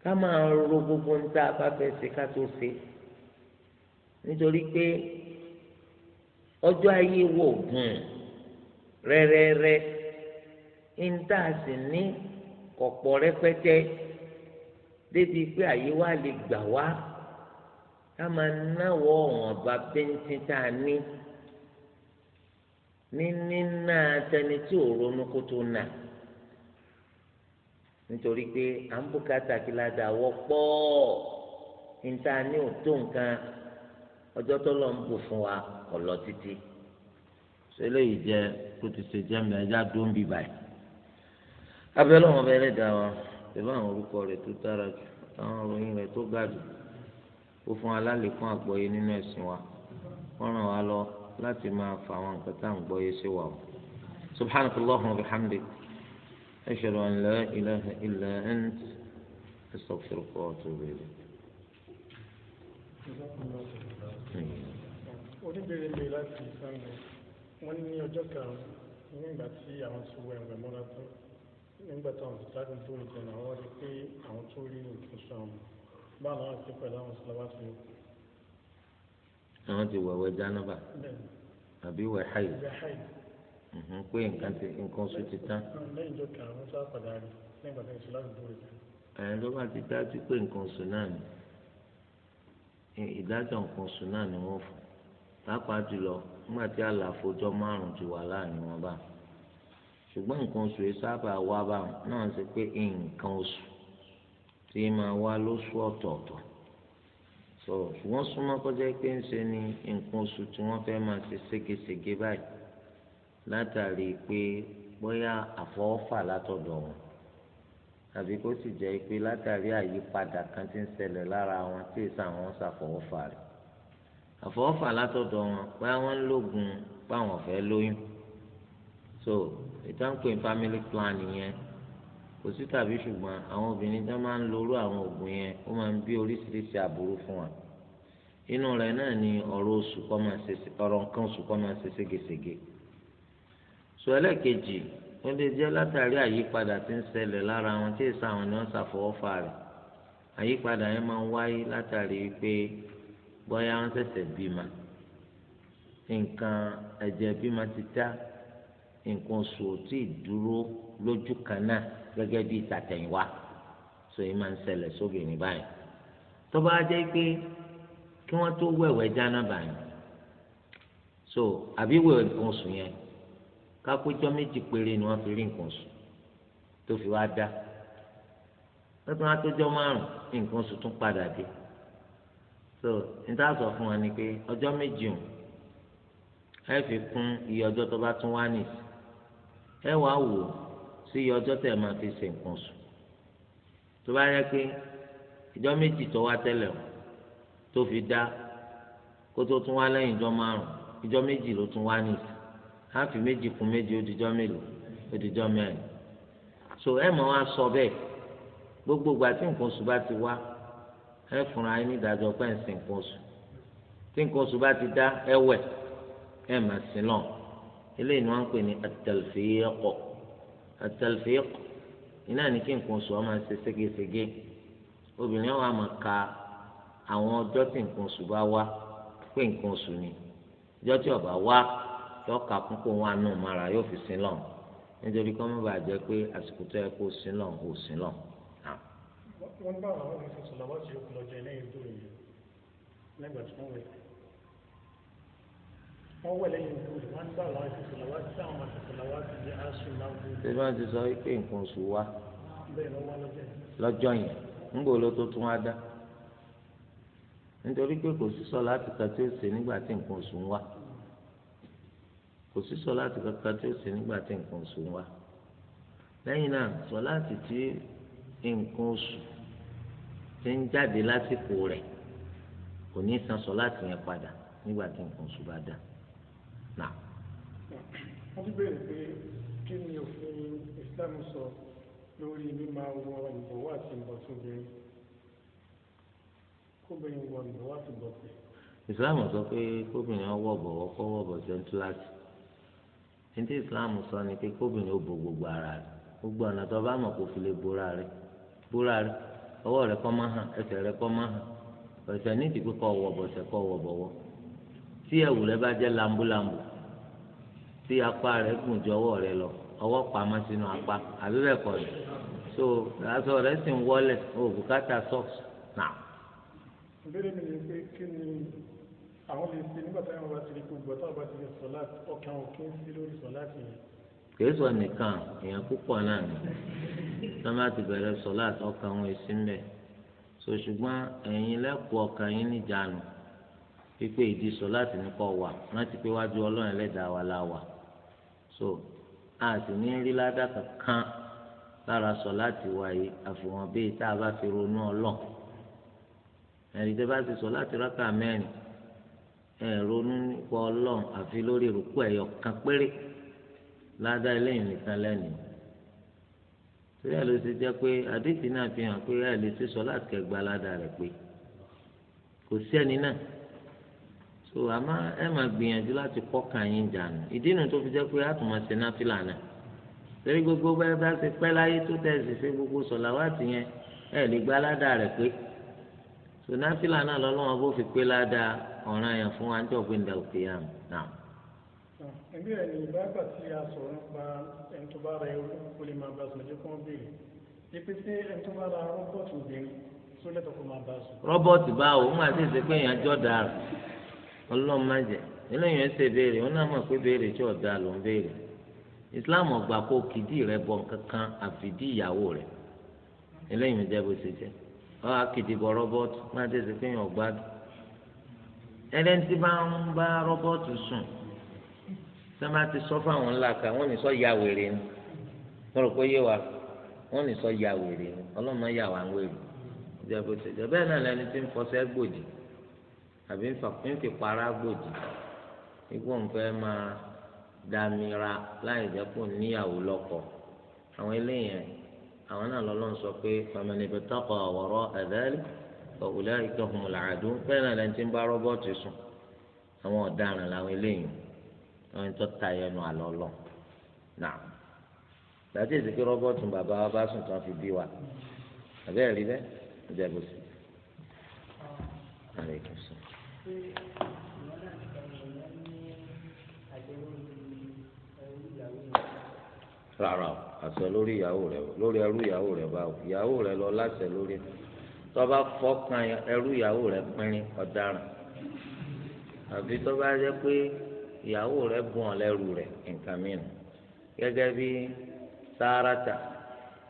ká máa ro gbogbo ń tá a bá fẹ́ ṣe ká tó ṣe nítorí pé ọjọ́ ayé wò gùn rẹ́rẹ́rẹ́ níta sì ní kọ̀pọ̀ rẹpẹtẹ débi pé àyè wa lè gbà wá ká máa náwó ọ̀wọ́n bá bẹ́ńtín tá a ní níní náà tẹni tí ò ronú kó tó nà nítorí pé à ń bùkátà kí ládàá wọ́ pọ́ọ́ níta ní òtó nǹkan ọjọ́ tó lọ ń bù fún wa kọ̀ lọ títí ṣẹlẹ̀ yìí jẹ́ kó ti ṣe jẹ́ mìíràn ẹja dó ń bì báyìí. abẹ́lẹ́ wọn bẹ́ẹ̀ dá wa pẹ̀lú àwọn orúkọ rẹ̀ tó dára jù àwọn òròyìn rẹ̀ tó ga jù ó fún alálẹ̀kùn àgbọ́yé nínú ẹ̀sìn wa wọ́n ràn wá lọ láti máa fa àwọn nǹkan tá à ń gbọ́yé sí wa o. سبحانك اللهم وبحمدك أشهد أن لا إله إلا أنت أستغفرك وأتوب إليك oníbèrè mi láti Sango wọ́n ní ọjọ́ karùn-ún nígbà tí àwọn ti wọ ẹ̀wẹ̀ mọ́ra tó nígbà táwọn ti dágùn tó lè jẹun àwọn rí pé àwọn tó rí nǹkan sọ àwọn báwọn àwọn ti pẹ̀lú àwọn sọlá wá sí i. àwọn ti wẹ̀wẹ̀ jánábà àbí wẹ̀ háyì mhmm, pé nǹkan ti nǹkan oṣù ti tán. lẹ́yìn ọjọ́ karùn-ún sáà padà rí nígbà tí ìṣúná ti dúró. ẹ̀yin ló bá ti dájú pé nǹkan oṣù náà ni ìdájọ́ nǹkan sùn náà ni wọ́n fún pàápàá jùlọ nígbà tí àlàfo ọjọ́ márùn ti wà láàrin wọn bá ṣùgbọ́n nǹkan oṣù yìí sábà wá bá náà ṣe pé nǹkan oṣù tí máa wá lóṣù ọ̀tọ̀ọ̀tọ̀ so ṣùgbọ́n súnmọ́ kọjá pé ń ṣe ni nǹkan oṣù tí wọ́n fẹ́ máa ṣe ségesège báyìí látàrí pé bóyá àfọwọ́fà látọ̀dọ̀ wọn àbí kó sì jẹ́ pé látàrí àyípadà kan tí ń ṣẹlẹ̀ lára wọn tí èsì àwọn ṣàfọwọ́fà rẹ̀ àfọwọ́fà látọ̀dọ̀ wọn pé àwọn ń lògùn páwọn fẹ́ lóyún so ìtànpé family plan yẹn kò sí tàbí ṣùgbọ́n àwọn obìnrin tó máa ń lorú àwọn oògùn yẹn ó máa ń bí oríṣiríṣi àbúrú fún wa inú rẹ̀ náà ni ọ̀rọ̀ oṣù kọ́ máa ṣe ọ̀rọ̀ nǹkan oṣù kọ́ máa ṣe ségesège so ẹlẹ́ẹ̀kejì. So, ó lè jẹ́ látàrí àyípadà tí ń ṣẹlẹ̀ lára wọn tí èsì àwọn ni wọ́n ṣàfọwọ́fà rẹ̀ àyípadà yẹn máa ń wáyé látàrí pé bóyá wọ́n ṣẹ̀ṣẹ̀ bímọ nǹkan ẹ̀jẹ̀ bímọ ti dá nǹkan oṣù ò tí ì dúró lójú kan náà gẹ́gẹ́ bí ìtàtẹ̀yìnwá so yìí máa ń ṣẹlẹ̀ sóbìnrin báyìí tó bá jẹ́ pé kí wọ́n tó wẹ̀wẹ̀ jáná báyìí so àbí wẹ̀ nǹkan oṣù yẹn kápẹ́jọ́ méjì péré ni wọ́n fi rí nǹkan sùn tó fi wá dá lọ́sàn-án àtọ́jọ́ márùn-ún nǹkan sùn tún padà dé so níta sọ fún wa ni pé ọjọ́ méjì òun ẹ fi kún iye ọjọ́ tó bá tún wá nìsí ẹ wá wò sí iye ọjọ́ tẹ̀ máa fi ṣe nǹkan sùn tó bá yẹ pé ìjọ méjì tó wá tẹ́lẹ̀ o tó fi dá kó tó tún wá lẹ́yìn ìjọ márùn ìjọ méjì ló tún wá nìsí á fi méjì kún méjì odijọ́ mélòó odijọ́ mẹ́rin so ẹ mọ̀ wá sọ bẹ́ẹ̀ gbogbo ìgbà tí nǹkan oṣù bá ti wá ẹ fúnra yín ní ìdájọ́ pẹ́ ń sin nǹkan oṣù tí nǹkan oṣù bá ti dá ẹ wẹ̀ ẹ mà sí lọ eléyìí ni wọ́n ń pè ní at-talfiq at-talfiq iná ní kí nǹkan oṣù ọmọ ṣe ségesège obìnrin wa máa ka àwọn ọjọ́ tí nǹkan oṣù bá wá pé nǹkan oṣù ni ọjọ́ tí ó wá yọ kà wọn àánú mara yóò fi sin lọ nítorí kọ́ mọ́ bàa jẹ́ pé àsìkò tó yẹ kó sin lọ kó sin lọ. wọ́n bá àwọn ọmọ ìṣẹ̀ṣẹ̀ lọ́wọ́ tí ó kú lọ́jọ́ lẹ́yìn tó yẹ lẹ́gbẹ̀ẹ́ tí wọ́n wẹ̀. wọ́n wẹ̀ lẹ́yìn tó yẹ wọ́n bá àwọn ìṣẹ̀ṣẹ̀ lọ́wọ́ tí àwọn ìṣẹ̀ṣẹ̀ lọ́wọ́ ti di aṣọ náà kú. ṣé wọ́n ti sọ pé nǹkan oṣù wa lọ́jọ́ yẹn ń gbọ́ ló tó tún wá dá nítorí pé kò sí sọ láti kà tí nígbà tí nǹkan oṣù ń wá kò sí sọláàtì kankan tí ó sì nígbà tí nǹkan oṣù ń wá lẹ́yìn náà sọláàtì tí nǹkan oṣù ti ń jáde lásìkò rẹ̀ kò ní san sọláàtì yẹn padà nígbà tí nǹkan oṣù bá dà náà. wọ́n ti béèrè pé kí ni òfin Islam sọ lórí mímọ wọ ìbọ̀wọ́ àti ìbọ̀tún obìnrin kóbìnrin wọ ìbọ̀wọ́ àti ìbọ̀tún. Islam sọ pé kóbìnrin ọwọ́ bọ̀wọ́ kọ́wọ́ bọ̀tún kíláàsì. ní islam sọ ni pé kóbìnrin ó bo gbogbo ara rẹ̀ gbogbo ọ̀nà tó bá mọ̀ kó fi lè bóra rẹ̀ bóra rẹ̀ ọwọ́ kọ́ máa hàn ẹsẹ̀ rẹ̀ kọ́ máa hàn ọ̀sẹ̀ nídìí pé kọ́ wọ̀ bọ̀sẹ̀ kọ́ wọ̀ bọ̀wọ́ tí ẹ̀wù bá jẹ́ lambúlambù tí apá rẹ gùn ju ọwọ́ lọ ọwọ́ pamọ́ sínú apá so aṣọ sì ń wọlé àwọn lè ṣe nígbà táwọn bá ti rí gbogbo táwọn bá ti rí sọláàtì ọkàn òkín sí lórí sọláàtì yẹn. kèésù nìkan èèyàn púpọ̀ náà ni tó bá ti bẹ̀rẹ̀ sọláàtì ọkàn wọn èsì ń so ṣùgbọ́n ẹ̀yin lẹ́kọ̀ọ́ ọkàn yín níjànú pípé ìdí sọláàtì nìkan wà rántí pé wájú ọlọ́run ẹlẹ́dàá wa la wà so a sì ní rí ládàkà kan lára sọláàtì wa yìí àfihàn bíi tá a bá fi ronú ọlọ́run ẹ ronú nípa ọlọ́run àfi lórí ìrùkú ẹ̀yọ kan péré ládá eléyìí nìkan lẹ́nu torí ẹ̀ ló ti jẹ́ pé àdéhìí náà fi hàn pé ẹ̀ ṣe sọ láti kẹgbà ládá rẹ̀ pé kò sí ẹni náà so àmọ́ ẹ máa gbìyànjú láti kọ́ka yín dànù ìdí nu tó fi jẹ́ pé àtùmọ̀ ṣe náà fìlà náà torí gbogbo bá bá ṣe pẹ́ láyé tó tẹ̀sí sí gbogbo sọ̀lá yẹn ẹ̀ lè gbá ládá rẹ̀ pé so náà fìlà náà lọ́lọ́wọ́n bó fi pé ládàá ọ̀ràn yẹn fún wa ń jọ gbé ndà òkè yà náà. ẹbí rẹ ni ìbáàgbà tí a sọ̀rọ̀ nípa ẹni tó bá ra ẹrú kó lè máa bá a sùn lójú kan béèrè ipe tí ẹni tó bá ra rọ́bọ̀tì obìnrin tó lẹ́tọ̀ kó máa bá a sùn. rọ́bọ̀tì báwo ó máa tẹ̀sẹ̀ pé èèyàn jọ́ da rẹ̀ ọlọ́run má jẹ́ eléyìí ẹ̀ ṣe béèrè ó náà mọ̀ pé béèrè tí ọ̀dà ló ń béèrè Islam ọgbà kó kìdí rẹ bọ kankan àfìdí ìyàwó rẹ eléyìí ń jẹ́ bó ṣe jẹ́ ọ́ àkìdí bọ rọ́bọ̀tì má tẹ̀sẹ̀ pé èèyàn ọgbádùn ẹlẹ́ni tí bá ń bá rọ́bọ́ọ̀tù sùn sọ ma ti sọ fáwọn ńlá kan wọ́n ní sọ ya wèrè ni wọ́n rò pé yé wa wọ́n ní sọ ya wèrè ni ọlọ́run máa yà wá ń wèrè ìjọba ìṣèjọ bẹ́ẹ̀ náà lẹni tí ń fọṣẹ́ gbòdì àbí ń fi para gbòdì igbó nǹkan máa dàmíra láì jẹ́ kó níyàwó lọ́kọ àwọn eléyẹn àwọn náà lọ́lọ́run sọ pé fàmìlì bìtọ́kọ̀ ọ̀wọ́rọ́ ẹ̀dẹ́rì. فأولئك هم العادون بين لنتين باروبوتي سون àwọn ọ̀daràn làwọn eléyìí àwọn tó ta ẹnu àlọ́ lọ náà gbàtí èsìké rọ́bọ́tù bàbá wa bá sùn tán fi bí wa àbẹ́ ẹ̀rí bẹ́ẹ̀ ìjà bó sì. rárá àṣẹ lórí ìyàwó rẹ lórí ẹrú ìyàwó rẹ báwo ìyàwó rẹ lọ láṣẹ lórí tọba fọkàn ẹrú ìyàwó rẹ pinrin ọ̀daràn àbí tọba jẹ pé ìyàwó rẹ bùn lẹ́rú rẹ nǹkan mìíràn gẹ́gẹ́ bí sàràtà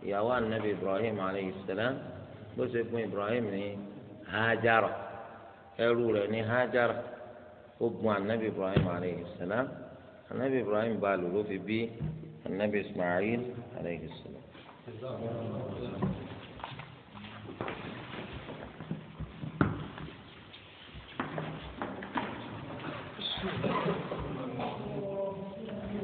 ìyàwó anabi ibrahim alayhi salam bó ṣe fún ibrahim ní hajara ẹrú rẹ ní hajara ó bùn anabi ibrahim alayhi anabi ibrahim baalu ló fi bí anabi ismail alayhi salam.